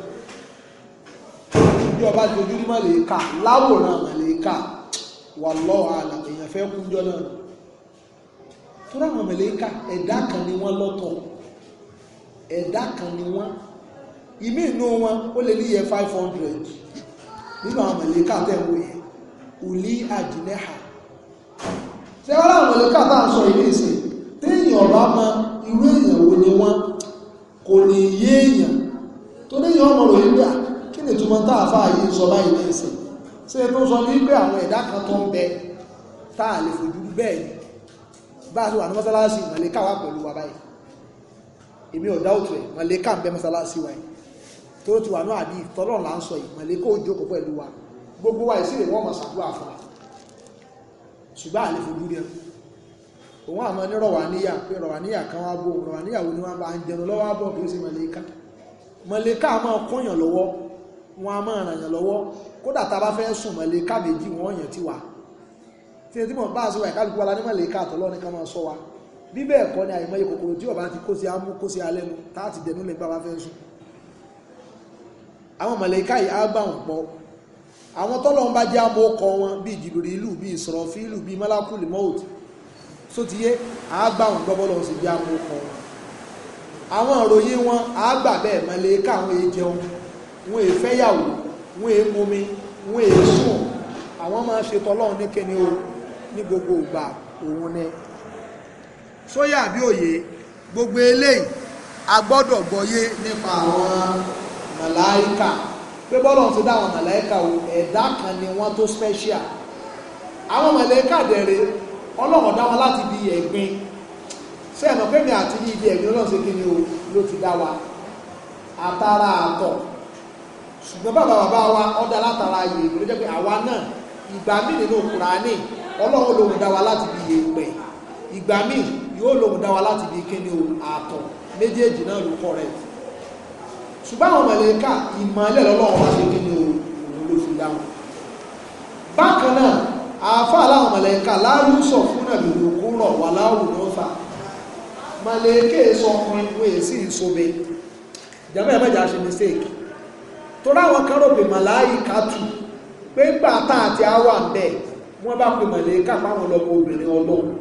Speaker 1: bí ọba ti fojú rí mọ̀lẹ́kà láwòrán mọ̀lẹ́kà wà lọ́wọ́ àlà èèyàn fẹ́ kú jọ náà tóra àwọn mẹ̀lẹ́kà ẹ̀dá kan ni wọ́n lọ́tọ̀ ẹ̀dá kan ni wọ́n ìmí inú wọn ó lè níyẹ five hundred nínú àwọn mẹ̀lẹ́kà tẹ̀wé yẹn òlí àdínẹ́hà ṣé wọ́n láwọn mẹ̀lẹ́kà tá à ń sọ ìlú ìsìn téèyàn bá mọ irú èèyàn wo ni wọ́n kò ní yé èèyàn tó léèyàn ọmọ rò yín gbà ah, kí ni ìtumọ̀ tá a fà yé sọ báyìí ní ìsìn ṣé tó sọ ní pé àwọn ẹ̀dá kan tó ń bẹ tá a lè fojú bẹ́ẹ̀ ni bá a sọ wà ní mọ́sálásí mọ̀lẹ́kà wà pẹ̀lú wa báyìí èmi ọ̀dá òtù ẹ̀ mọ̀lẹ́kà ń bẹ mọ́sálásí wa yìí tó ti wà ní àbí tọ́lọ́run là ń sọ yìí mọ̀lẹ́kà ò jókòó pẹ̀lú wa gbogbo wa ìsìlẹ̀ wọ́n mọ̀ ṣàdúrà fún wa ṣùgbọ́n àlè fojú rí ẹ òun àmọ́ ní rọ̀wàníyà pé rọ̀wàníyà kan wá bó rọ̀wàníyà wo ni wọ́n bá ń jẹun lọ́wọ́ bọ̀ kí ó sì mọ̀lẹ́kà mọ̀lẹ́kà máa kọ́yàn lọ́wọ́ wọn a máa ràn yàn lọ́wọ́ kódà tá bá fẹ́ sùn mọ̀lẹ́kà méjì wọ́n yàn ti wà tí ẹ tí mọ̀ bá aṣọ ìkálùkù wa lánímọ̀ lè káàtọ̀ lọ́ni ká máa sọ wa bí bẹ́ẹ̀ kọ́ ni àìmọye kòkòrò tí ọba ti kó sí amú kó sí alẹ́ nu táàtì dẹnu lè gbá wa fẹ́ sùn àwọn mọ̀lẹ́ká yìí á bá wọn pọ̀ àwọn tọ́lọ̀ ń bá jẹ́ amó kọ wọn bíi jìbìrì ìlú bíi ìsọ̀rọ̀fílù bíi mọ́lákùlì mọ́ọ̀tì sótìyé á gbà wọn gbọ́ bọ́lọ́ sí jẹ́ amó kọ wọn àwọn ìròyìn wọn á gbà bẹ́ẹ̀ mọ̀lẹ́ká àwọn èè jẹun wọn èè fẹ́yàwó wọn èè mumi wọn èè sùn àwọn máa ṣe tọ́lọ́run ní gbogbo ìgbà òun ni sóyà àbí òye gbogbo eléyìí a gbọ́dọ̀ gbọ́yé nípa àwọn màláìkà pé bọ́lọ̀ ti dá àwọn màláìkà o ẹ̀dá kan ni wọ́n tó special àwọn màláìkà dẹ̀rẹ̀ ọlọ́run dá wọn láti bí ẹ̀gbin ṣé ẹ̀mọ̀ pẹ́mi àti yí ibi ẹ̀gbin ọlọ́run ṣe kí ni o ló ti dá wa àtàrà àtọ̀ ṣùgbọ́n bàbá bàbá wa ọ̀dà látara yìí ló jẹ́ pé àwa náà ìgbà mí nínú Kùránì ọlọ́run lòun dá wa láti bí èèpẹ̀ ìgbà míì yóò lòun dá wa láti bí kíni o àtọ̀ méjèèjì náà ló correct ṣùgbọ́n àwọn mẹ̀lẹ́kà ìmọ̀lẹ́ lọ́lọ́run wá sí kíni o òun ló fi dáhùn bákan náà àáfà láwọn mẹ̀lẹ́kà láàrúsọ fún nàbìlú kó rọ̀ wà láwùjọ fà mẹ̀lẹ́kà sọ ọkùnrin wọ́n èsì ìsobe jàmẹ́ ẹ̀mẹ́jà ṣe mistake tó ráwọn kan rò pé ká tù pé gbà tá àti àwa ń wọ́n bá pe mọ̀lẹ́kà páwọn lọ́mọ obìnrin ọlọ́run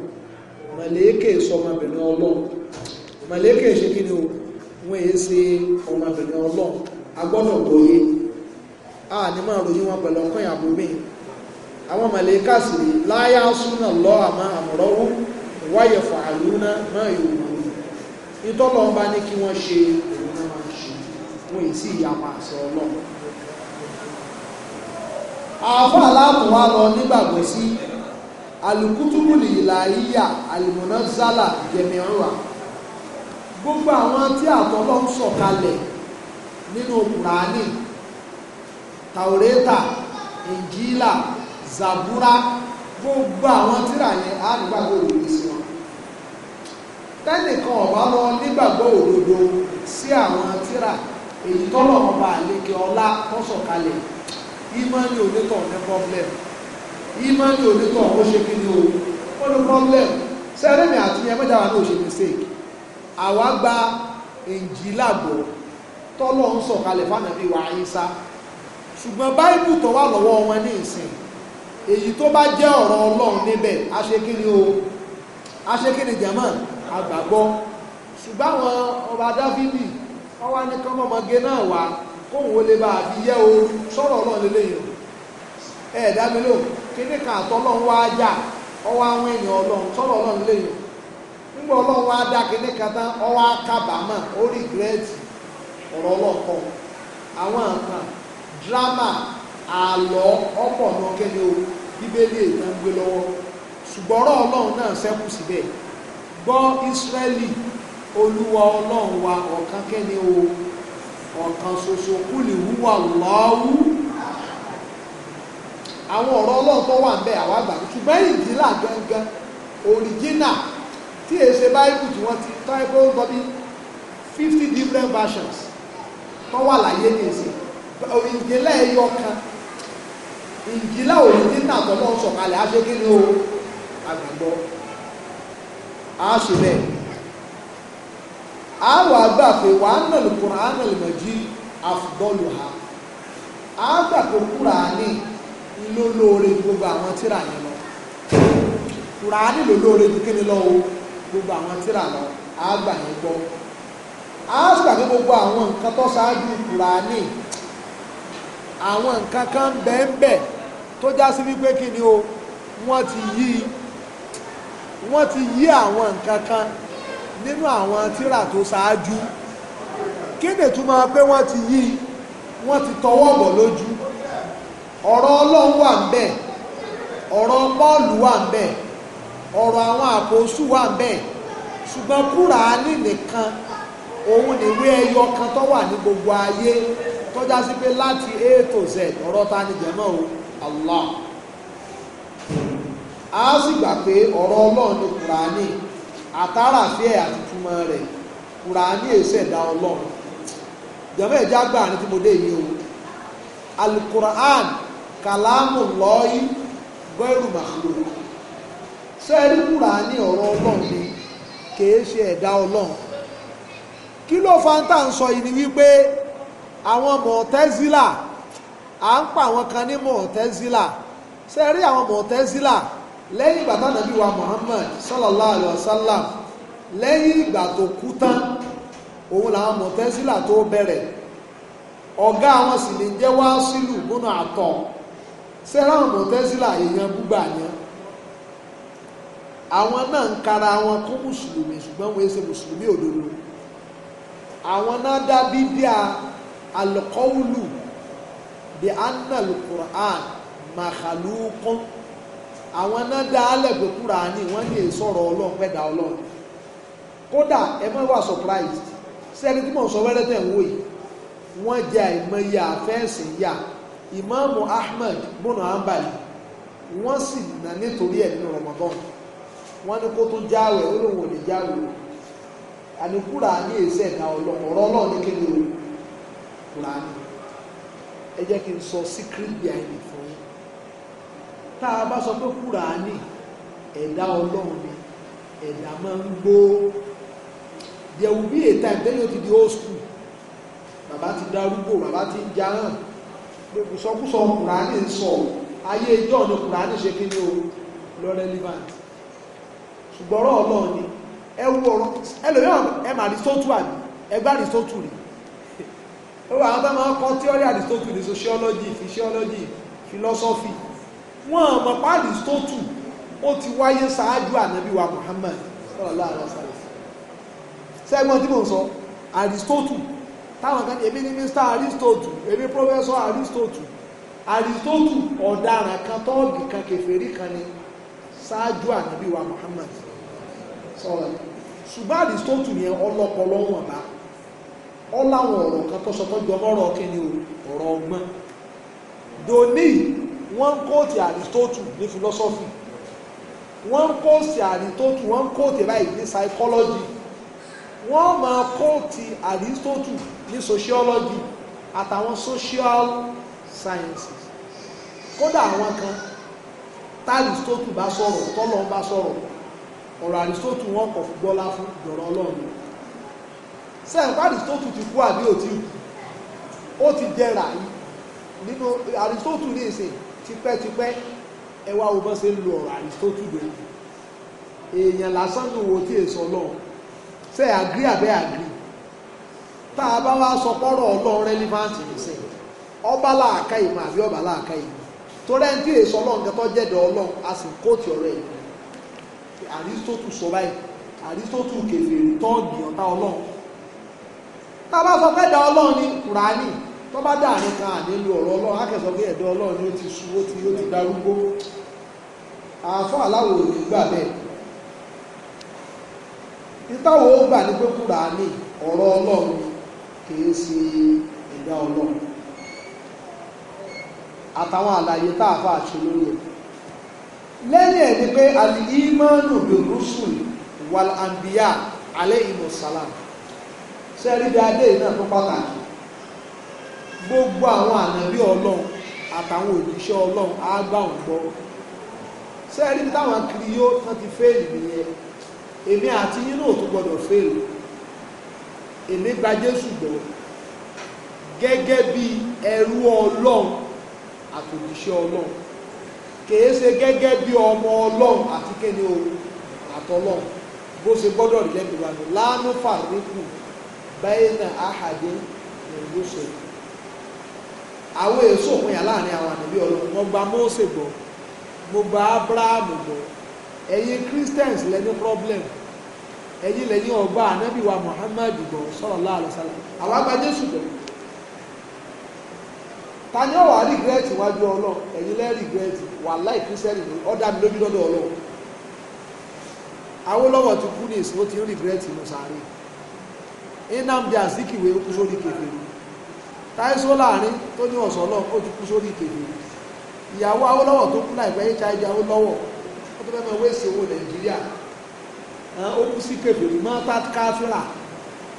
Speaker 1: mọ̀lẹ́kà èso ọmọbìnrin ọlọ́run mọ̀lẹ́kà èso kí ni wọ́n èé ṣe ọmọbìnrin ọlọ́run agbọ́nà gbòye a ní máa ròyìn wọn pẹ̀lú ọkàn ìyàbò mi àwọn mọ̀lẹ́kà sì rí láyà súnà lọ àmọ́ àmọ̀rọ́wọ́ wáyé fún àlùna náà yòó ìtọ́lọ́ọ̀bá ní kí wọ́n ṣe òun náà máa ṣe wọ́n èsì ìyàpá àṣẹ ọlọ́run
Speaker 2: àáfà aláàbò wa lọ nígbàgbọ́ sí
Speaker 1: alukutubu nìyíláyíyà alimunazala jẹmìíràn gbogbo àwọn tí àtọ́lọ́ ń sọ̀kalẹ̀ nínú kùránì tàwórẹ́tà ìnjílà zàbúrà gbogbo àwọn tíra yẹn á nígbàgbọ́ òdodo sí wọn tẹ́nìkan ọ̀bá lọ nígbàgbọ́ òdodo sí àwọn tíra èyí tọ́lọ̀ ọba àlekè ọlá tó ìmánì onítọ̀ ní problem ìmánì onítọ̀ ó ṣe kí ni o ó ní problem sẹ́rẹ́mì àti ẹgbẹ́jà wa náà ṣe mistake àwa gba Ìnjílà gbọ́ tọ́lọ́ ń sọ̀kalẹ̀ fánàbí wa Ìsá ṣùgbọ́n báìbù tó wà lọ́wọ́ wọn ní ìsìn èyí tó bá jẹ́ ọ̀rọ̀ ọlọ́run níbẹ̀ aṣekíni o aṣekíni jẹ̀mọ́ àgbàgbọ́ ṣùgbọ́n àwọn ọba Dáfídì ọwá ní kọ́mọ́mọ́gé náà wà kóhùn ó lè bá àfi yẹ́ ooru sọ̀rọ̀ ọlọ́run o ẹ̀ dá mi atọ kíní kan àtọ́lọ́run wá jà ọwọ́ àwọn èèyàn ọlọ́run sọ̀rọ̀ ọlọ́run lélẹ́yìn o nígbà ọlọ́run wá dá kíní kan tán ọwọ́ akábàámọ̀ ó rí gírẹ́ẹ̀tì ọ̀rọ̀ náà o bíbélì èèyàn gbé lọ́wọ́ ṣùgbọ́n ọlọ́run náà o ọ̀kan ṣoṣo kúlì húwà lọ́wọ́ àwọn ọ̀rọ̀ ọlọ́run tó wà ń bẹ àwọn àgbà ṣùgbọ́n ìdílà gangan original tí èyí ṣe báyìí tí wọ́n ti tọ́ ẹgbẹ́ ó gbọ́bí fifty different versions tó wà láyé ní ìsìn ìjìnlẹ̀ ẹyọ kan ìjìnlẹ̀ original tó lọ́n sọ̀kalẹ̀ á o àgbàgbọ́ á a wà gbà pé wà á nàlù Qur'an al-Majid afdaluha a gbà pé Kùránì ló lóore gbogbo àwọn tíra yẹn lọ Kùránì ló lóore kíni lọ o gbogbo àwọn tíra lọ a gbà yẹn gbọ́ a gbà pé gbogbo àwọn nǹkan tó ṣáájú Kùránì àwọn nǹkan kan bẹ́ẹ̀ tó já sí wípé kíni o wọ́n ti yí wọ́n ti yí àwọn nǹkan kan nínú àwọn tíra tó ṣáájú kéde túmọ̀ pé wọ́n ti yí wọ́n ti tọwọ́ bọ̀ lójú ọ̀rọ̀ ọlọ́run wà ń bẹ̀ ọ̀rọ̀ pọ́ọ̀lù wà ń bẹ̀ ọ̀rọ̀ àwọn àpòsù wà ń bẹ̀ ṣùgbọ́n kúránì nìkan òun nìwé ẹyọ kan tó wà ní gbogbo ayé tó sí pé láti a to z ọ̀rọ̀ ta ni jẹ̀mọ́ o Allah a sì gbà pé ọ̀rọ̀ ọlọ́run ní kúránì àtàrà fíẹ̀ àti túmọ̀ rẹ̀ kùránì èsèdá ọlọ́run jọ̀mọ́ ẹ̀já gbà ní tí mo dé yìí o alukur'an kàlámù lọ́ọ́yì gbẹ́rù màlúù sẹ́ẹ̀rí kùránì ọ̀rọ̀ ọlọ́run ni kìí ṣe ẹ̀dá ọlọ́run kí ló fa ń tà ń sọ yìí ni wípé àwọn mọ̀ọ́tẹ́zílà à ń pa àwọn kan ní mọ̀ọ́tẹ́zílà sẹ́ẹ̀rí àwọn mọ̀ọ́tẹ́zílà lẹ́yìn ìgbà táwọn nàbí wa Muhammad sallallahu alayhi wa sallam lẹ́yìn ìgbà tó kú tán òun làwọn mọ̀tẹ́sílà tó bẹ̀rẹ̀ ọ̀gá àwọn sì lè jẹ́ wá sílù gbóná àtọ̀ sẹ́rà àwọn mọ̀tẹ́sílà èèyàn gbúgbà yẹn àwọn náà ń kara wọn kó mùsùlùmí ṣùgbọ́n wọ́n ṣe mùsùlùmí òdodo àwọn náà dá bídíà alqawlu bi anna al-Qur'an makhlūqun àwọn náà dá alẹ́gbẹ́ ni wọ́n lè sọ̀rọ̀ ọlọ́run pẹ́dà ọlọ́run kódà ẹ má tí sọ wẹ́rẹ́ tẹ̀ ń wò yìí wọ́n jẹ́ àìmọye Ahmed bùnà ambali wọ́n sì nà nítorí ẹ̀ nínú Ramadan wọ́n ní kó tó jáwẹ̀ ó o èsì ẹ̀dá ọ̀rọ̀ ọlọ́run ní o ẹ jẹ́ kí n sọ secret tá a bá sọ pé kúránì ẹ̀dá ọlọ́run ni ẹ̀dá máa ń gbó there will be a time tẹ́lẹ̀ ó ti di old school bàbá ti darúgbó bàbá ti ń jahàn pé kùsọ́kùsọ kùránì ń sọ ayé ìjọ ni kùránì ṣe kí ni o lọ relevant ṣùgbọ́n ọ̀rọ̀ ọlọ́run ni ẹ wú ọ̀rọ̀ ẹlòmíràn ẹ mà àrístótù àbí ẹ gbá àrístótù rí ó wà á bá máa kọ́ tíọ́rì àrístótù ní sociology physiology philosophy wọ́n àmọ́ páàlì stótù ó ti wáyé ṣáájú ànábì wa Muhammad sallallahu alaihi wasallam sẹ́gbọ́n tí mò ń sọ Aristotle táwọn kan èmi ní Mr Aristotle èmi Professor Aristotle Aristotle ọ̀daràn kan tọ́ọ̀gì kan kèfèrí kan ni ṣáájú ànábì wa Muhammad sọ̀rọ̀ ṣùgbọ́n Aristotle yẹn ọlọ́pọlọ wọn bá ọláwọn ọ̀rọ̀ kan tó sọ tó jọ mọ́rọ̀ kí ni ọ̀rọ̀ wọ́n ń kóòtì àrístótù ní philosophy wọ́n ń kóòtì àrístótù wọ́n ń kóòtì báyìí ní psychology wọ́n máa kóòtì àrístótù ní sociology àtàwọn social sciences kódà àwọn kan tárístótù bá sọ̀rọ̀ tọ́lọ́ bá sọ̀rọ̀ ọ̀rọ̀ àrístótù wọn kò gbọ́lá fún ìjọ̀rọ̀ ọlọ́run sẹ́yìn àrístótù ti kú àbí ò tí ó ti jẹrà yìí nínú àrístótù ní ìsìn tipẹ́tipẹ́ ẹwà wá lụọ bọ́ ṣe ń lo ọ̀rọ̀ àrísítótùdé èèyàn lásán ní wo tí èso ọlọ́run ṣe àgírí àbẹ́ àgírí tá a bá wá sọ pọ́rọ̀ ọlọ́run rẹ́lífáǹtì nìṣẹ́ ọba làákà ìmọ̀ àbí ọba làákà ìmọ̀ torí ẹni tí èso ọlọ́run kẹtọ́ jẹ́dọ̀ ọlọ́run a sì sọ báyìí àrísítótù kèfèrè ọ̀tá
Speaker 2: tá a bá sọ fẹ́ ní
Speaker 1: kùránì tó bá dà ní kan ọ̀rọ̀ ọlọ́run akẹ́sọ̀ pé ẹ̀dọ́ ọlọ́run ni ó ti sú ti ó ti darúgbó aláwọ̀ òní bẹ́ẹ̀ ìtawọ̀ ó gbà ní pé ní ọ̀rọ̀ ọlọ́run kìí ṣe ẹ̀dá àtàwọn àlàyé tá a fà ṣe lórí ẹ̀ lẹ́yìn ẹ̀ ni pé alẹ́ náà tó gbogbo àwọn ànábì ọlọ́run àtàwọn òjíṣẹ́ ọlọ́run á gbà wọ́n gbọ́ sẹ́ẹ̀rí bí táwọn kiri yóò tán ti fẹ́ẹ̀lì nìyẹn èmi àti yín náà tó gbọdọ̀ fẹ́ẹ̀lì èmi gba Jésù gbọ́ gẹ́gẹ́ bí ẹrú ọlọ́run àtòjíṣẹ́ ọlọ́run kìí ṣe gẹ́gẹ́ bí ọmọ ọlọ́run àti kéde ooru àtọlọ́run bó ṣe gbọ́dọ̀ rí lẹ́gbẹ̀ẹ́ wa lánàá fàríkù báyìí náà àhàdé ìlú ṣèlú àwọn èso òpin yà láàrin àwọn ànábì ọlọ́run mo gba Mósè gbọ́ mo gba Ábúráhámù gbọ́ ẹ̀yin Christians lẹ́ni problem ẹ̀yin lẹ́yìn ọgbà ànábì wa Muhammad gbọ́ sallallahu alaihi wasallam àwọn àgbà Jésù gbọ́ tani ọ̀wà rìgírẹ́tì wájú ọlọ́run ẹ̀yin lẹ́ rìgírẹ́tì wàláì Christian ọ̀dà mi lójú lọ́dọ̀ ọlọ́run Awólọ́wọ̀ ti kú ní ìsìn ó ti ń rìgírẹ́tì lọ́sàárẹ̀ Nnamdi Azikiwe ó kú sórí kèfèrè táìsó láàrin tó ní ọ̀sán náà ó ti kú sórí ìkèdè ìyàwó Awólọ́wọ̀ tó kú láìpẹ́ hiv Awólọ́wọ̀ ó tó fẹ́fẹ́ wéèsì owó Nàìjíríà ó kú sí kèfèrè mọ́tà káfíra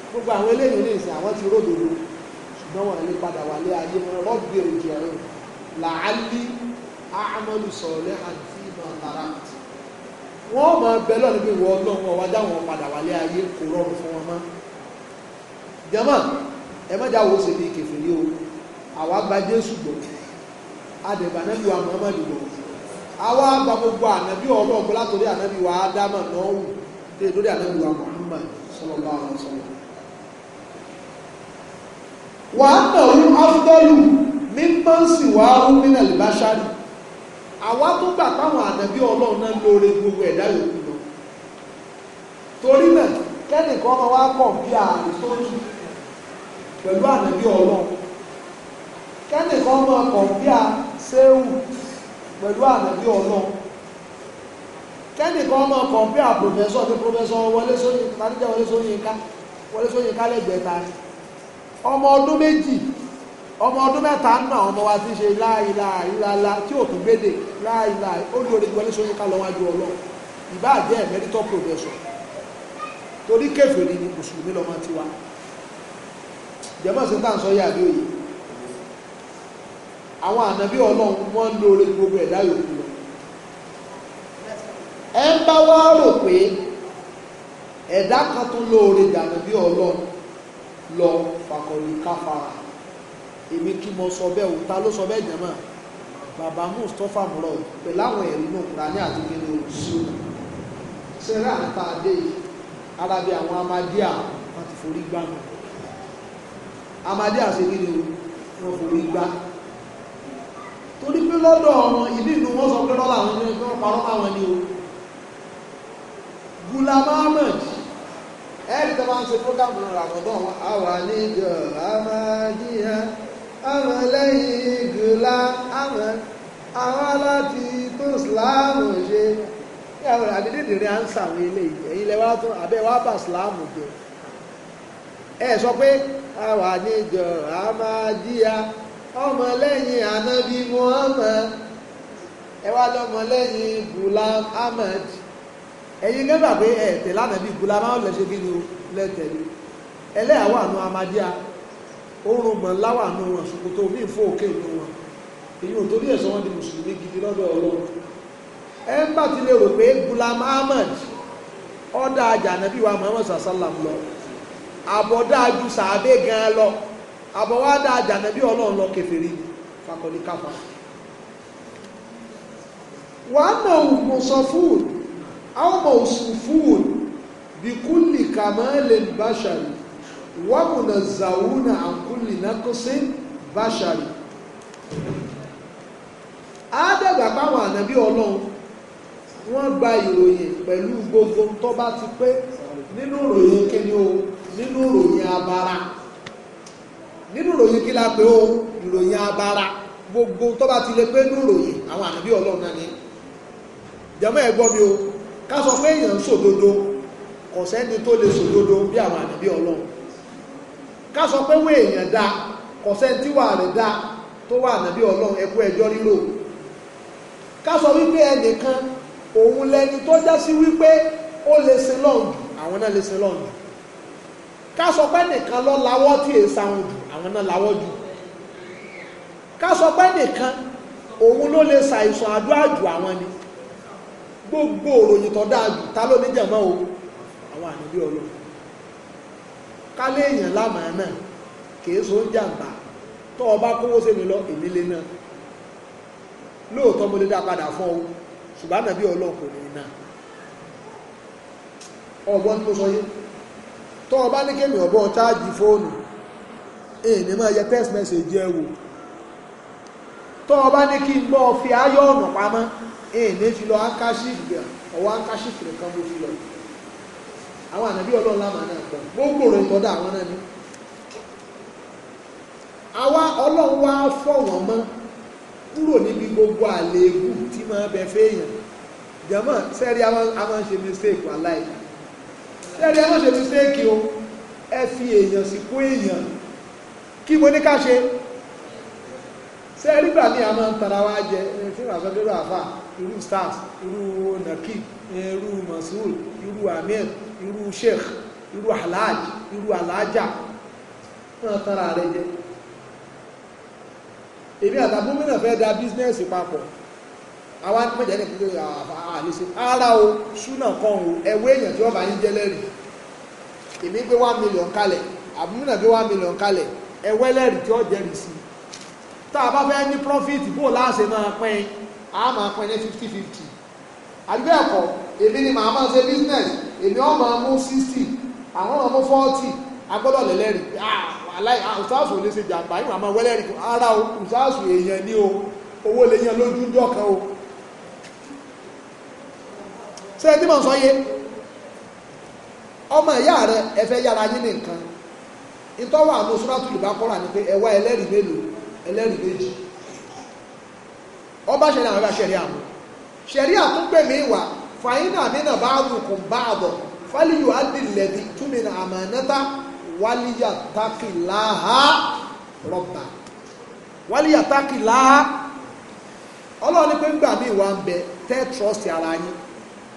Speaker 1: gbogbo àwọn eléyìí ní ìsìn àwọn ti ródòdó ṣùgbọ́n wọn lè padà wà lé ayé wọn rọ́gbì òjì ẹ̀rọ làálí àmọ́lù sọ̀rọ̀ lẹ́ àti ìmọ̀ tààrà wọ́n máa bẹ lọ́nà bí wọ́n lọ́wọ́ wájà ẹ mọ́jà wo ṣe bí kèfèrí o àwa gba Jésù gbọ́ adẹ̀bà náà bí wa Muhammadu gbọ́ àwa gba gbogbo ànábì ọ̀rọ̀ ọ̀gbọ́n látòrí ànábì wa Ádámà náà wù dé lórí ànábì wa Muhammad sallallahu alaihi wasallam wà á nàrú afdọ́lù mímọ́sì wà á rú mínà lè bá ṣáàrì àwa tó gbà táwọn ànábí ọlọ́run náà lóore gbogbo ẹ̀dá yòókù lọ torí náà kẹ́nìkan ọmọ wa kọ̀ bí ààrẹ tó ń pẹ̀lú ànábì ọlọ́run kẹ́nìkan máa a séwù pẹ̀lú ànábì ọlọ́run kẹ́nìkan máa kọ̀m̀píà pòfẹ́sọ̀ ní pòfẹ́sọ̀ wọlé sóyìnká tàbíjẹ́ wọlé sóyìnká wọlé sóyìnká lẹ́gbẹ̀ẹ́ ta ni ọmọ ọdún méjì ọmọ ọdún mẹ́ta ń nà ọmọ wa ti ṣe láìláìláìlá tí ò tún gbédè láìláì ó lórí wọlé sóyìnká lọ́wájú ọlọ́run ìbáàjẹ́ mẹ́rítọ́ pòfẹ́sọ̀ torí kèfèrí ni mùsùlùmí lọ́mọ tiwa jẹ́mọ̀ sí tàǹsọ yà bí òye àwọn ànábí ọlọ́run wọ́n ń lo orí gbogbo ẹ̀dá yòókù lọ ẹ ń bá wá rò pé ẹ̀dá kan tó lóore dànù bí ọlọ́run lọ fàkọ̀lì káfara èmi kí mo sọ bẹ́ẹ̀ òta ló sọ bẹ́ẹ̀ jẹ́mọ̀ bàbá Mustapha mọ̀rọ̀ pẹ̀lú àwọn ẹ̀rí náà kúrà ní àti kí ni o adé yìí arábí àwọn amadíà wọn ti forí gbàgbọ́ amadé àṣekíni wọn kò rí gbá torí pé lọ́dọ̀ wọn ìlú ìlú wọn sọ pé lọ́la àwọn ẹni pé wọ́n parọ́ máwọn ni o Gulam Ahmed ẹ̀rí tó máa ń ṣe program ramadan àwa níjọ amadíyà àwọn lẹ́yìn Gulam Ahmed àwọn aláti tó sùlámù ṣe yàrá àdídìdì rẹ̀ à ń sàwọn eléyìí ẹ̀yin lẹ́wà tó àbẹ́wà sùlámù jẹ́ ẹ sọ pé a wà níjọ Ahmadiyya ọmọ lẹ́yìn anabi Muhammad ẹ wá lọ́mọ lẹ́yìn Gulam Ahmad ẹ̀yin nígbà pé ẹ tẹ̀ lánàá bíi Gulam Ahmad lẹ́sẹ̀ kí ni o lẹ́tẹ̀lé ẹlẹ́yàwó àánú Ahmadiyya oorun mọ̀ láwà nù wọn ṣòkòtò mí fò òkè nù wọn èyí ò torí ẹ̀sọ́ wọn di mùsùlùmí gidi lọ́dọ̀ Ọlọ́run ẹ ń bá ti lè rò pé Gulam Ahmad ọ̀dà àjànàbí wa Muhammad sallam lọ àbọ̀dájú sàábé gan lọ àbọ̀wádà àjànàbí ọlọ́run lọ kẹfẹ́rí ni fakọ̀lì káfà wàá mọ̀ òmò sọ fúùd àwọn mọ̀ òsùn fúùd bí kúlì kàmáàlè báṣàrì wàmùnà zàwùnà àkúlì nákọ́sí báṣàrì àádọ́gbà páwọn ànàbí ọlọ́run wọ́n gba ìròyìn pẹ̀lú gbogbo tó bá ti pé nínú ìròyìn kíni o nínú ìròyìn abara nínú ìròyìn kí la pé o ìròyìn abara gbogbo tó bá ti lè pé nínú ìròyìn àwọn ànábì ọlọ́run náà ni jẹ́mọ́ ẹ̀ gbọ́ mi o ká sọ pé èèyàn ń sòdodo kò sẹ́ni tó lè sòdodo bí àwọn ànábì ọlọ́run ká sọ pé wọ́n èèyàn dá kò sẹ́ni tí wà rẹ̀ dá tó wà ànábì ọlọ́run ẹkú ẹjọ́ rírò ká sọ wípé ẹnìkan òun lẹni tó já sí wípé ó lè sin lọ́ọ̀dù àwọn náà lè sin lọ́ọ̀dù ká sọ pé nìkan lọ lawọ́ tí èé sáwọn jù àwọn náà lawọ́ jù ká sọ pé nìkan òun ló lè ṣàìsàn àdúrà jù àwọn ni gbogbo òròyìn tó dáa jù ta ló ní jẹ̀mọ́ o àwọn ànábì Ọlọ́run ká léèyàn lámàá náà kìí so ń jàǹbá tó o bá kówó sẹ́mi lọ èmi lé náà lóòótọ́ mo lè dá padà fún ọ ṣùgbọ́n ànábì Ọlọ́run náà ọgbọ́n tó sọ yìí tọ ọba bá ní kémi ọ̀bọ̀ chájì fóònù èèyàn máa yẹ text message ẹ wò bá ní kí n bọ́ fi ayọ́ ọ̀nà pamọ́ èèyàn fi lọ ákáṣífì rẹ̀ ọwọ́ ákáṣífì rẹ̀ kan mo fi lọ àwọn ọlọ́run lámà náà pọ̀ gbogbo rẹ̀ náà ni àwa ọlọ́run wá fọ̀ wọ́n mọ́ kúrò gbogbo tí máa bẹ jẹ́mọ̀ sẹ́rí a máa ń ṣe mistake wà láìpẹ́ tẹ́lẹ̀ ẹ má ṣe mistake o ẹ fi èèyàn sípò èèyàn kí mo ní ká ṣe ṣe rígbà ní àmọ́ ń tara wá jẹ tí wàá sọ́dọ̀ lọ́wọ́ àfà irú stars irú nàkì irú masul irú amir irú sheikh irú alhaj irú alhaja náà tara rẹ jẹ èmi àtàbùnmí náà fẹ́ da bísínẹ́sì papọ̀ àwa mẹ́jẹ̀ ní ìpínlẹ̀ àlèṣe ara o súnà kan o ẹ̀wọ́ èèyàn tí wọ́n bá ń jẹ́ lẹ́rìí èmi gbé one million kalẹ̀ àbúmínà gbé one million kalẹ̀ ẹ̀wọ́ ẹlẹ́rìí tí wọ́n jẹ́rìí sí tá a bá fẹ́ ní profit bó láṣẹ máa pín a máa pín ní fifty fifty àdúgbò ẹ̀kọ́ èmi ni màá máa ṣe business èmi ọ̀ máa mú sixty àwọn máa mú forty agbọ́dọ̀ lẹ́lẹ́rìí aláì ah, ọ̀sáàsù ah, lè ṣe jàǹbá yìí màá máa wẹ́lẹ́rìí ara ọ̀sáàsù èèyàn ní o owó lè yan lójú ńjọ́ kan o ṣé ẹ sọ ọmọ ìyá rẹ ẹ fẹ́ yára yín ní nǹkan ìtọ́wọ́ àwọn sọ́ràtù lè kọ́ra ni pé ẹ ẹlẹ́rìí mélòó ẹlẹ́rìí méjì ọba ṣẹlẹ̀ àwọn ẹgbẹ́ ṣẹlẹ̀ àwọn ṣẹlẹ̀ àtúngbè mi wà fàyínà bá bá àbọ̀ àdìlẹ̀dì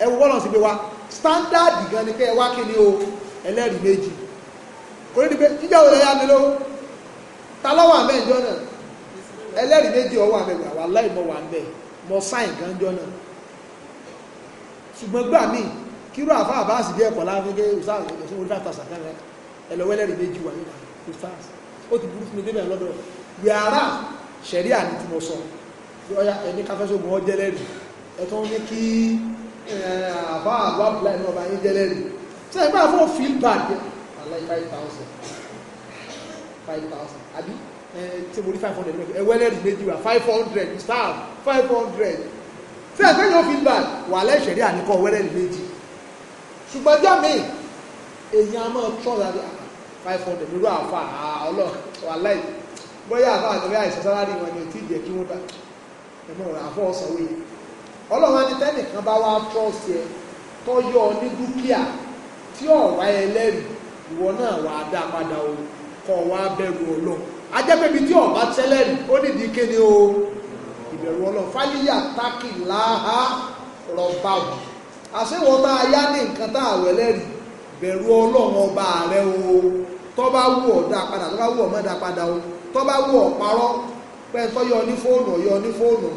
Speaker 1: ẹwọ́ bọ́lọ̀ sí pé wa standard gan ni pé ẹ wá kí ni o ẹlẹ́rìí méjì kò ní di pé jíjẹ́ òun ẹ̀yà mi lówó ta lọ́wọ́ àmẹ́ ìjọ náà ẹlẹ́rìí méjì ọwọ́ àmẹ́ ìgbà wà láì mọ̀ wà ń bẹ̀ mọ sáìn gan jọ náà ṣùgbọ́n gbà míì kíró àfa àbáàsì bí ẹ̀kọ́ láàfin gé ustaz ẹ̀sùn orí fàtà sàkánná ẹlọ́wọ́ ẹlẹ́rìí méjì wà nígbà ó ti burú fún mi Eh, àbá àlọ́ àbúlá ẹ̀ náà bá yín jẹ́lẹ́ rí ṣé ẹgbẹ́ àfọ́ feel bad yẹ àlọ́ five thousand five thousand àbí ṣé eh, mo ní five hundred lọ́dọ̀ ẹ̀wẹ́lẹ́ rí méjì wá five hundred star five hundred ṣé ẹgbẹ́ yóò feel bad wà lẹ́sẹ̀ rí àníkọ́ wẹ́rẹ́ rí ṣùgbọ́n jọ́ mi èèyàn a máa tọ́ láti ah, five hundred lórí àfa ah, ọlọ́ wà láì bóyá àfa àtẹ̀wé àìsàn sáláàdì wọn ni ò tí ì kí wọ́n bá ẹ̀ àfọ́ ọ̀sán wọ̀nyí. ọlọ́run ẹni tẹ́nìkan bá wá trọ́ọ̀sì ẹ tó yọ ọ ní dúkìá tí ọ̀wá ẹlẹ́rìí ìwọ náà dá padà o kọ́ wá bẹ̀rù ajẹ́pẹ̀bi tí ọ̀bá tẹ́lẹ̀rì ó kéde o ìbẹ̀rù fáyíyà tákì láhá rọ̀bà wù àṣewọ́n a yá ní nǹkan tá bẹ̀rù ọlọ́run rẹ o tó wù o wù ọ́ parọ́ yọ ní fóònù ní fóònù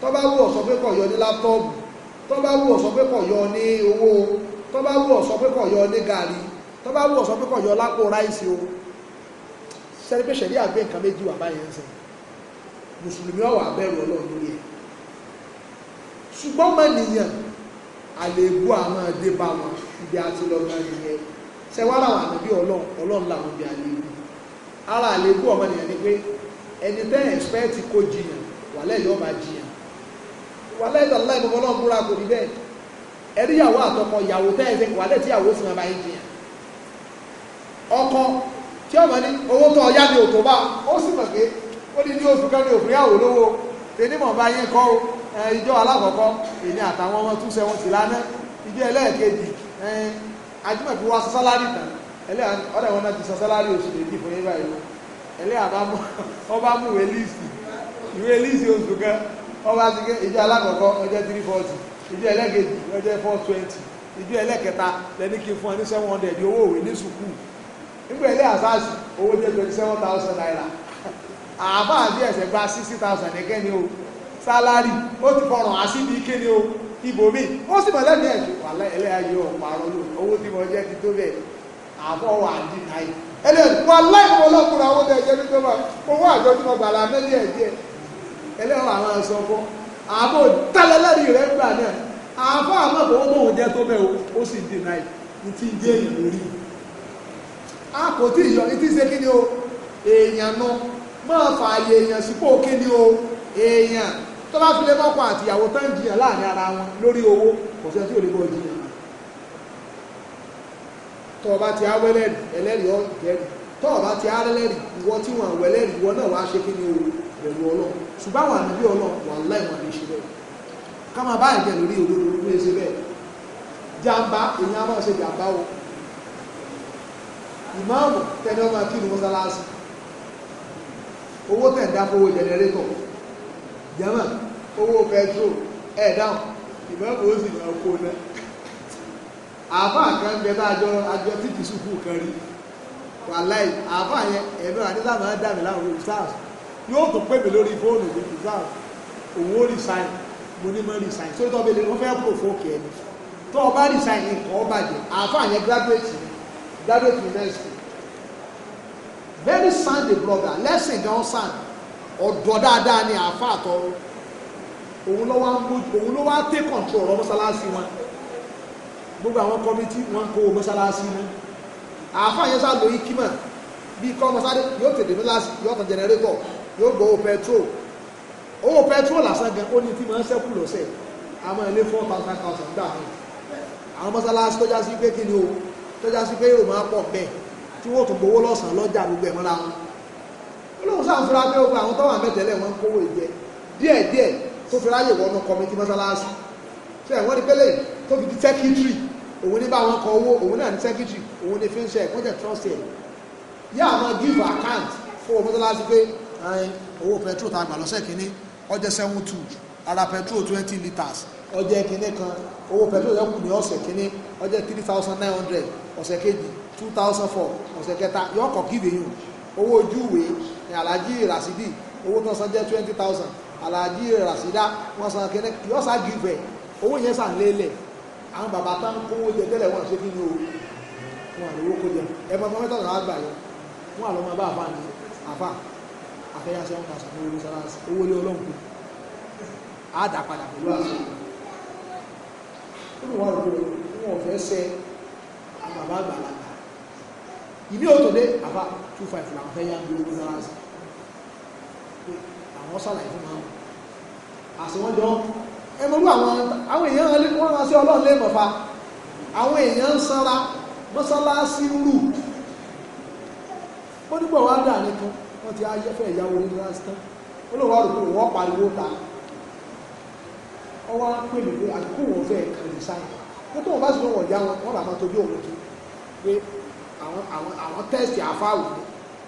Speaker 1: tó bá wù ọ́ sọ pé kọ̀ yọ ní láptọ́ọ̀bù tó bá wù ọ́ sọ pé kọ̀ yọ ní owó tó bá wù ọ́ sọ pé kọ̀ yọ ní gàrí tó bá wù ọ́ sọ pé kọ̀ yọ lápò ráìsì o sẹ́ni pé ṣẹ̀rí àgbẹ̀ nǹkan méjì wà báyìí ń sẹ́ mùsùlùmí ọ̀wà abẹ́rù ọlọ́run lórí ẹ̀ ṣùgbọ́n mẹ́nìyàn àlèébú àwọn ẹ̀dẹ́ bá wọn ibi àti lọ́gbà nìyẹn sẹ́wọ́n àwọn ànábì ọlọ́run ọlọ́run làwọn ibi àlèébú ara àlèébú ọmọnìyàn ni pé ẹni tẹ́ ẹ̀spẹ́ẹ̀tì kó jiyàn wà lẹ́yìn ọba jiyàn wàhálà ìdàlá láì bọ́bọ́ náà búra kò rí bẹ́ẹ̀ ẹ̀rí ìyàwó àtọkọ ìyàwó tẹ́ ẹ̀fẹ́ wàhálà tí ìyàwó fún ẹba yìí jìyàn ọkọ tí ọmọ ní owó tó ọyá ni òtò bá ó sì mọ̀ pé ó ní ní oṣù kan ní òfin ìyàwó lówó tèmi mọ̀ bá yín kọ́ ìjọ alákọ̀ọ́kọ́ èmi àtàwọn ọmọ túnṣe wọn sì lánàá ìjọ ẹlẹ́ẹ̀kejì ajímọ̀bí wa sọ sálárì tán ọ̀dẹ̀ [laughs] wọ́n bá ti gé ìjọ alákọ̀ọ́kọ́ ọjọ́ three forty ìjọ ọjọ́ four twenty ẹlẹ́kẹta lẹ́ni kí fún ẹ ní seven owó òwe ní sùkúù nígbà ilé àsáàsì owó jẹ́ twenty seven thousand naira àbá àbí gba sixty thousand ní o sálárì ó ti fọ̀ràn àsìbí ni o ibòmí ó sì mọ̀ lẹ́nu owó tí mo jẹ́ ti tó bẹ̀ àbọ̀ wà náà ẹlẹ́yìn ẹlẹ́wọ̀n àwọn aṣọ fún àbò tẹ́lẹ́lẹ́rì rẹ̀ gbà náà àbá àmọ́ kò mọ̀ òun jẹ́ tó bẹ́ẹ̀ ó sì dènà ní ti jẹ́ èèyàn a kò tí ì yọ ní ti ṣe kí ni o èèyàn nu máa fààyè èèyàn sípò kí ni o èèyàn tó bá fi lé mọ́kọ àtìyàwó tán jiyàn láàrin ara wọn lórí owó kò sẹ́ni tí ò lè bọ́ jiyàn tọba ti awẹ́lẹ́rì ẹlẹ́rìí ọ̀gẹ́rì tọba ti arẹ́lẹ́rì ìwọ tí wọ́n wẹ́lẹ́rì ìwọ náà wá ṣe kí ni o pẹ̀lú ọlọ́run ṣùgbọ́n àwọn ànábì ọlọ́run wà láì wọn lè ṣe bẹ́ẹ̀ ká máa bá ìjẹ́ lórí òdodo ló ṣe bẹ́ẹ̀ jàǹbá èèyàn máa ṣe jàǹbá o ìmáàmù tẹni ọmọ kí ni mọ́sálásí owó tẹ̀ dá fowó jẹnẹrétọ̀ jẹ́mọ̀ owó pẹtrol ẹ̀ dáhùn ìmáàmù ó sì máa kó náà àáfàá kan jẹ tá àjọ àjọ tí kìí sùkúù kan rí wàláì àáfàá yẹn ẹ̀mí àdéhùn àdéhùn àdéhùn àdéhùn àdéhùn yóò tó pè mí lórí fóònù mi nígbà òun ó resign mo ní mọ́ resign sórí tó bẹ̀rẹ̀ wọ́n fẹ́ provoke ẹni tó o bá resign nǹkan ó bàjẹ́ àáfàá yẹn graduate graduate university very sound brother lesson gan sound ọ̀dọ́ dáadáa ni àáfàá tọrọ òun ló wá òun ló wá take control ọ̀rọ̀ mọ́sálásí wọn gbogbo àwọn committee wọn kó o mọ́sálásí mú àáfàá yẹn sá lo ikima bíi kọ́ mọ́sálásí yóò tètè mọ́sálásí yóò tàn jẹnẹrétọ̀ yóò gbọ́ owó petrol owó petrol lásán gan ó ní tí máa ń ṣẹ́kù lọ́sẹ̀ àmọ́ ilé four thousand thousand gbà hàn àwọn mọ́sálásí tó já sí pé kí ni o tó já sí pé yóò máa pọ̀ bẹ́ẹ̀ tí wọ́n tún gbowó lọ́sàn-án lọ́jà gbogbo ẹ̀ mọ́ra wọn olóhùn sáà ń fura pé ogun àwọn tó wà mẹ́tẹ̀lẹ̀ wọn ń kówó ìjẹ díẹ̀ díẹ̀ tó fi ráyè wọnú kọmitì mọ́sálásí ṣe ẹ̀wọ́n ní pẹ́lẹ́ tó fi di sẹ́kítírì òun ní bá wọn kọ owó òun náà ní sẹ́kítírì òun ní fi ń ṣe ẹ̀kọ́ jẹ́ trọ́ọ̀sì ẹ̀ yá àwọn give account fún ọmọdé láti pé owó petrol tá a gbà lọ́sẹ̀ kínní ọjẹ́ seven two ara petrol twenty litres ọjẹ́ kínní kan owó petrol yẹ kù ní ọ̀sẹ̀ kínní ọjẹ́ three thousand nine hundred ọ̀sẹ̀ kejì two thousand four ọ̀sẹ̀ kẹta yọkọ̀ kíbe yìí owó ojú ìwé ní alájí rasidi owó tó san jẹ́ twenty thousand alájí rasida wọ́n san kínní yọ̀sà gífẹ̀ owó yẹn sàn lélẹ̀ àwọn bàbá tán kówó jẹ tẹ́lẹ̀ wọ́n ṣe kí ni o wọn àlówó kó jẹ ẹ mọ fún mẹ́tọ́nà àgbà yẹn wọn àlọ́ mọ bá àfa ni àfa afẹ́yà seven thousand owó ní sọ́lá owó lé ọlọ́run kù á dà padà pẹ̀lú àṣẹ ó wà lóko wọn ò fẹ́ sẹ àbàbà àgbàlagbà ìmí òtòdé àbá two five làwọn fẹ́ yá ń gbé owó sọ́lá àwọn sàlàyé fún wọn àsìwọ́njọ́ ẹmọ́lú àwọn èèyàn wọ́n rán sí ọlọ́run lè mọ̀fà àwọn èèyàn ń sanra mọ́sálásí rú ó nìkan wọ́n ti ayẹ́fẹ́ ìyàwó ní lásán ó lóun wá rò wọ́n pariwo ta ọ pè mí pé àdúgbò wọn fẹ́ kàlẹ́ sáyẹn ó tó wọn bá sì lọ́wọ́ ìyá wọn wọ́n làwọn tóbi òun tó pé àwọn àwọn àwọn tẹ́sì àfáwò ni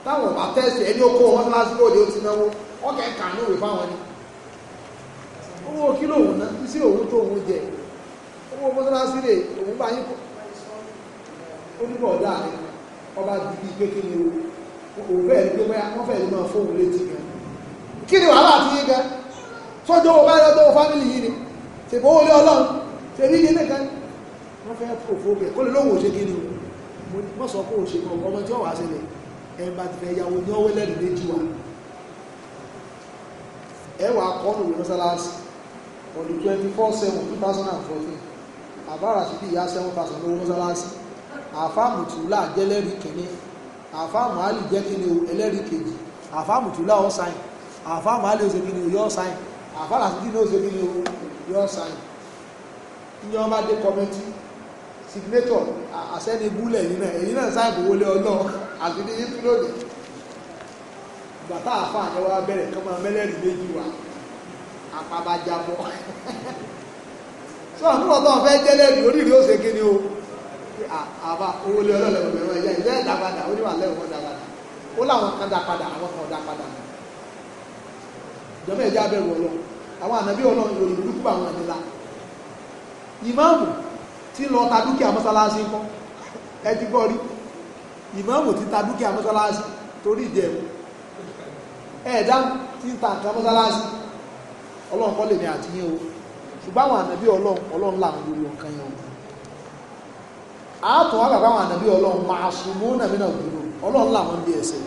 Speaker 1: táwọn bá tẹ́sì ẹni ó wọn lásìkò òde ó ti náwó wọ́n kẹ́ kà ní òwe fáwọn ni owó kílò òun ná sí òun tó òun jẹ owó mọ́tàlásí lè òun bá yín kó ó ní bọ̀ọ̀dá ọba dìbí pé o òun fẹ́ẹ̀ ní pé wọ́n fẹ́ẹ̀ ní máa fóun létí gan kí ni wàhálà àti yé gan sọ́jọ́ owó báyọ̀ tó fámìlì yìí ni ṣèbó wọlé ọlọ́run ṣèbí yìí nìkan wọ́n fẹ́ pòfóògì kó lè lóhùn òṣèké ni wọ́n sọ pé òṣèké ọmọ tí ó wà sílẹ̀ ẹ̀ bá ti fẹ́ yàwó ní ọwọ́ lẹ́nu méjì wà ẹwà kọ́nù mọ́sálásí ọdún 24/7 2014 àbára sí bí ìyá 7,000 lówó mọ́sálásí àfáàmùtù láàjẹ́lẹ́rìí kìíní àfáàmù alì jẹ́ kí ni o ẹlẹ́rìí kejì àfáàmù tùlá ọ̀ sáyìn àfáàmù alì ó ṣe kí ni o yọ sáyìn àfáàmù àti kí ni ó ṣe kí ni o yọ sáyìn ní ọmọ adé kọmẹtì signator àṣẹ́ni búlẹ̀ yìí náà èyí náà sáyìn kò wọlé ọlọ́ àti ní ìpínlódì bàtà àfáà ni wọ́n bẹ̀rẹ̀ kọ́ máa mẹ́lẹ́rìí méjì wá àpàbàjàbọ̀ sọ̀rọ̀ nígbà tó ń fẹ́ jẹ́lẹ́rìí oríire ó ṣe kí ni o. àbá owó lé ọlọ́lẹ̀ òun ẹ̀rọ ẹ̀yà ìlú ẹ̀dá ó ní wà lẹ́wọ̀n dá ó láwọn kan àwọn kan ìjọba ọlọ́ àwọn ànábí ọlọ́run ìròyìn burúkú àwọn ẹ̀nìlá ìmáàmù tí lọ ta dúkìá mọ́sálásí ti ta dúkìá mọ́sálásí torí ta nǹkan mọ́sálásí ọlọ́run ṣùgbọ́n àwọn ànábí ọlọ́run làwọn lórí yẹn àátọ̀ wá bàbá àwọn ànàbí ọlọ́run máa sùnmọ́ nàbí náà dúró ọlọ́run làwọn ń bí ẹsẹ̀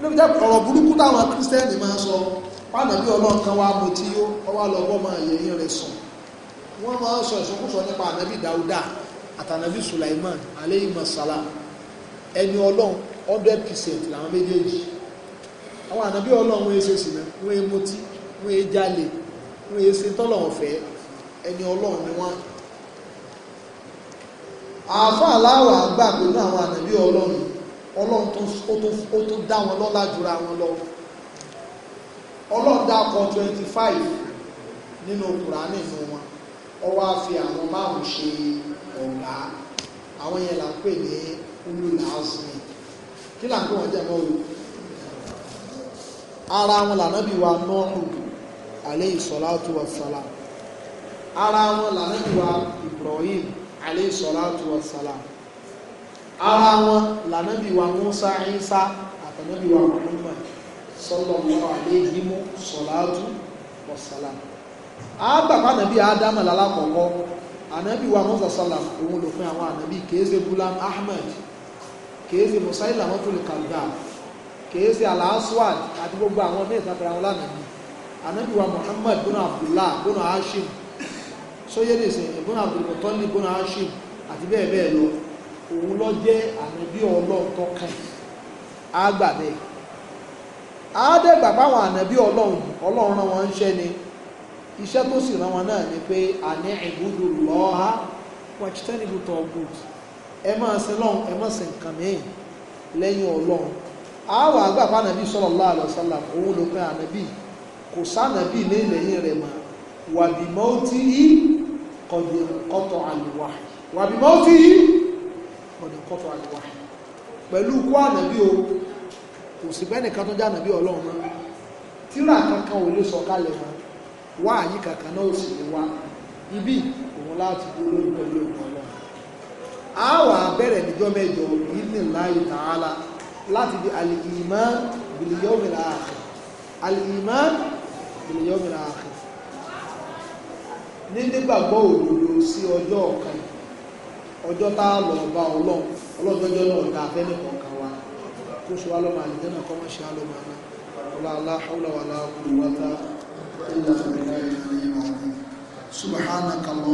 Speaker 1: lóbi jẹ́ ọ̀rọ̀ burúkú táwọn kírísítẹ́nì máa sọ ọlọ́run kan wá mo tí ó wá lọ máa yẹ yín rẹ̀ sùn wọ́n máa sọ ìsọkúsọ nípa ànàbí Dáúdà àtànàbí Sulaiman aleyhi masala ẹni ọlọ́run hundred percent làwọn méjèèjì àwọn ànàbí ọlọ́run wọ́n ṣe wọ́n wọ́n wọ́n ṣe tọ́lọ̀ àáfà aláwà gbà pé ní àwọn ànàbí ọlọ́run ọlọ́run ó tó dá wọn lọ́lá jura wọn lọ ọlọ́run dákọ twenty five nínú kùránì fún wọn ọwọ́ á fi àwọn márùn ṣe ọ̀gá àwọn yẹn là ń pè ní ululazmi kí là ń pè wọ́n jẹ́ mọ́ o ara wọn lànàbí wa nọ́ọ̀rù alayhi salatu wassalam ara wọn lànàbí wa Ibrahim alayhi salatu wa salam ara wọn lànàbí wa Musa Isa àtànàbí wa Muhammad sallallahu alayhi salatu wa salam àgbàpá nàbí Ádámù lálákọ̀ọ́kọ́ ànàbí wa Musa salam òun ló fún àwọn ànàbí kèéze Gulam Ahmed kèéze Musaila mọ́tòlì kàdá kèéze Al-Aswad àti gbogbo àwọn mẹ́ta fẹ́ra wọn lánàbí ànàbí wa Muhammad bùnà Abdullah bùnà Hashim sóyè nìsín ìbúnà ní ìbúnà ashim àti bẹ́ẹ̀ bẹ́ẹ̀ lọ òun lọ jẹ́ ànábì ọlọ́run tó kàn á gbà bẹ́ẹ̀ á ni iṣẹ́ tó sì rán náà ni pé àní ìbúdó lọ́ha wàchítẹ́nìbù tó gùd ẹ máa lọ́hùn ẹ lẹ́yìn ọlọ́run àwọn kọ̀dì kọ́tọ̀ àlùwà wà bí mọ́ fi yí kọ̀dì kọ́tọ̀ àlùwà pẹ̀lú kó ànàbí o kò sí bẹ́ẹ̀ nìkan tó jẹ́ ànàbí ọlọ́run mọ́ tíra kankan ò lè sọ kalẹ̀ mọ́ wá àyí kankan náà ò sì lè wá ibi òun láti dúró pẹ̀lú ọlọ́run a nínígbàgbọ́ òdodo sí ọjọ́ ọ̀kan ọjọ́ tá a lọ bá ọlọ́run ọlọ́jọ́jọ́ náà dá abẹ́lẹ̀ kọ̀ọ̀kan wa kó ṣe wá lọ́mọ àlejò náà kọ́ mọ́ ṣe alọ́mọ náà ọlọ́lá haúláwà láàkúrò wátá ilẹ̀ ọ̀rẹ́ náà subhanaka Allah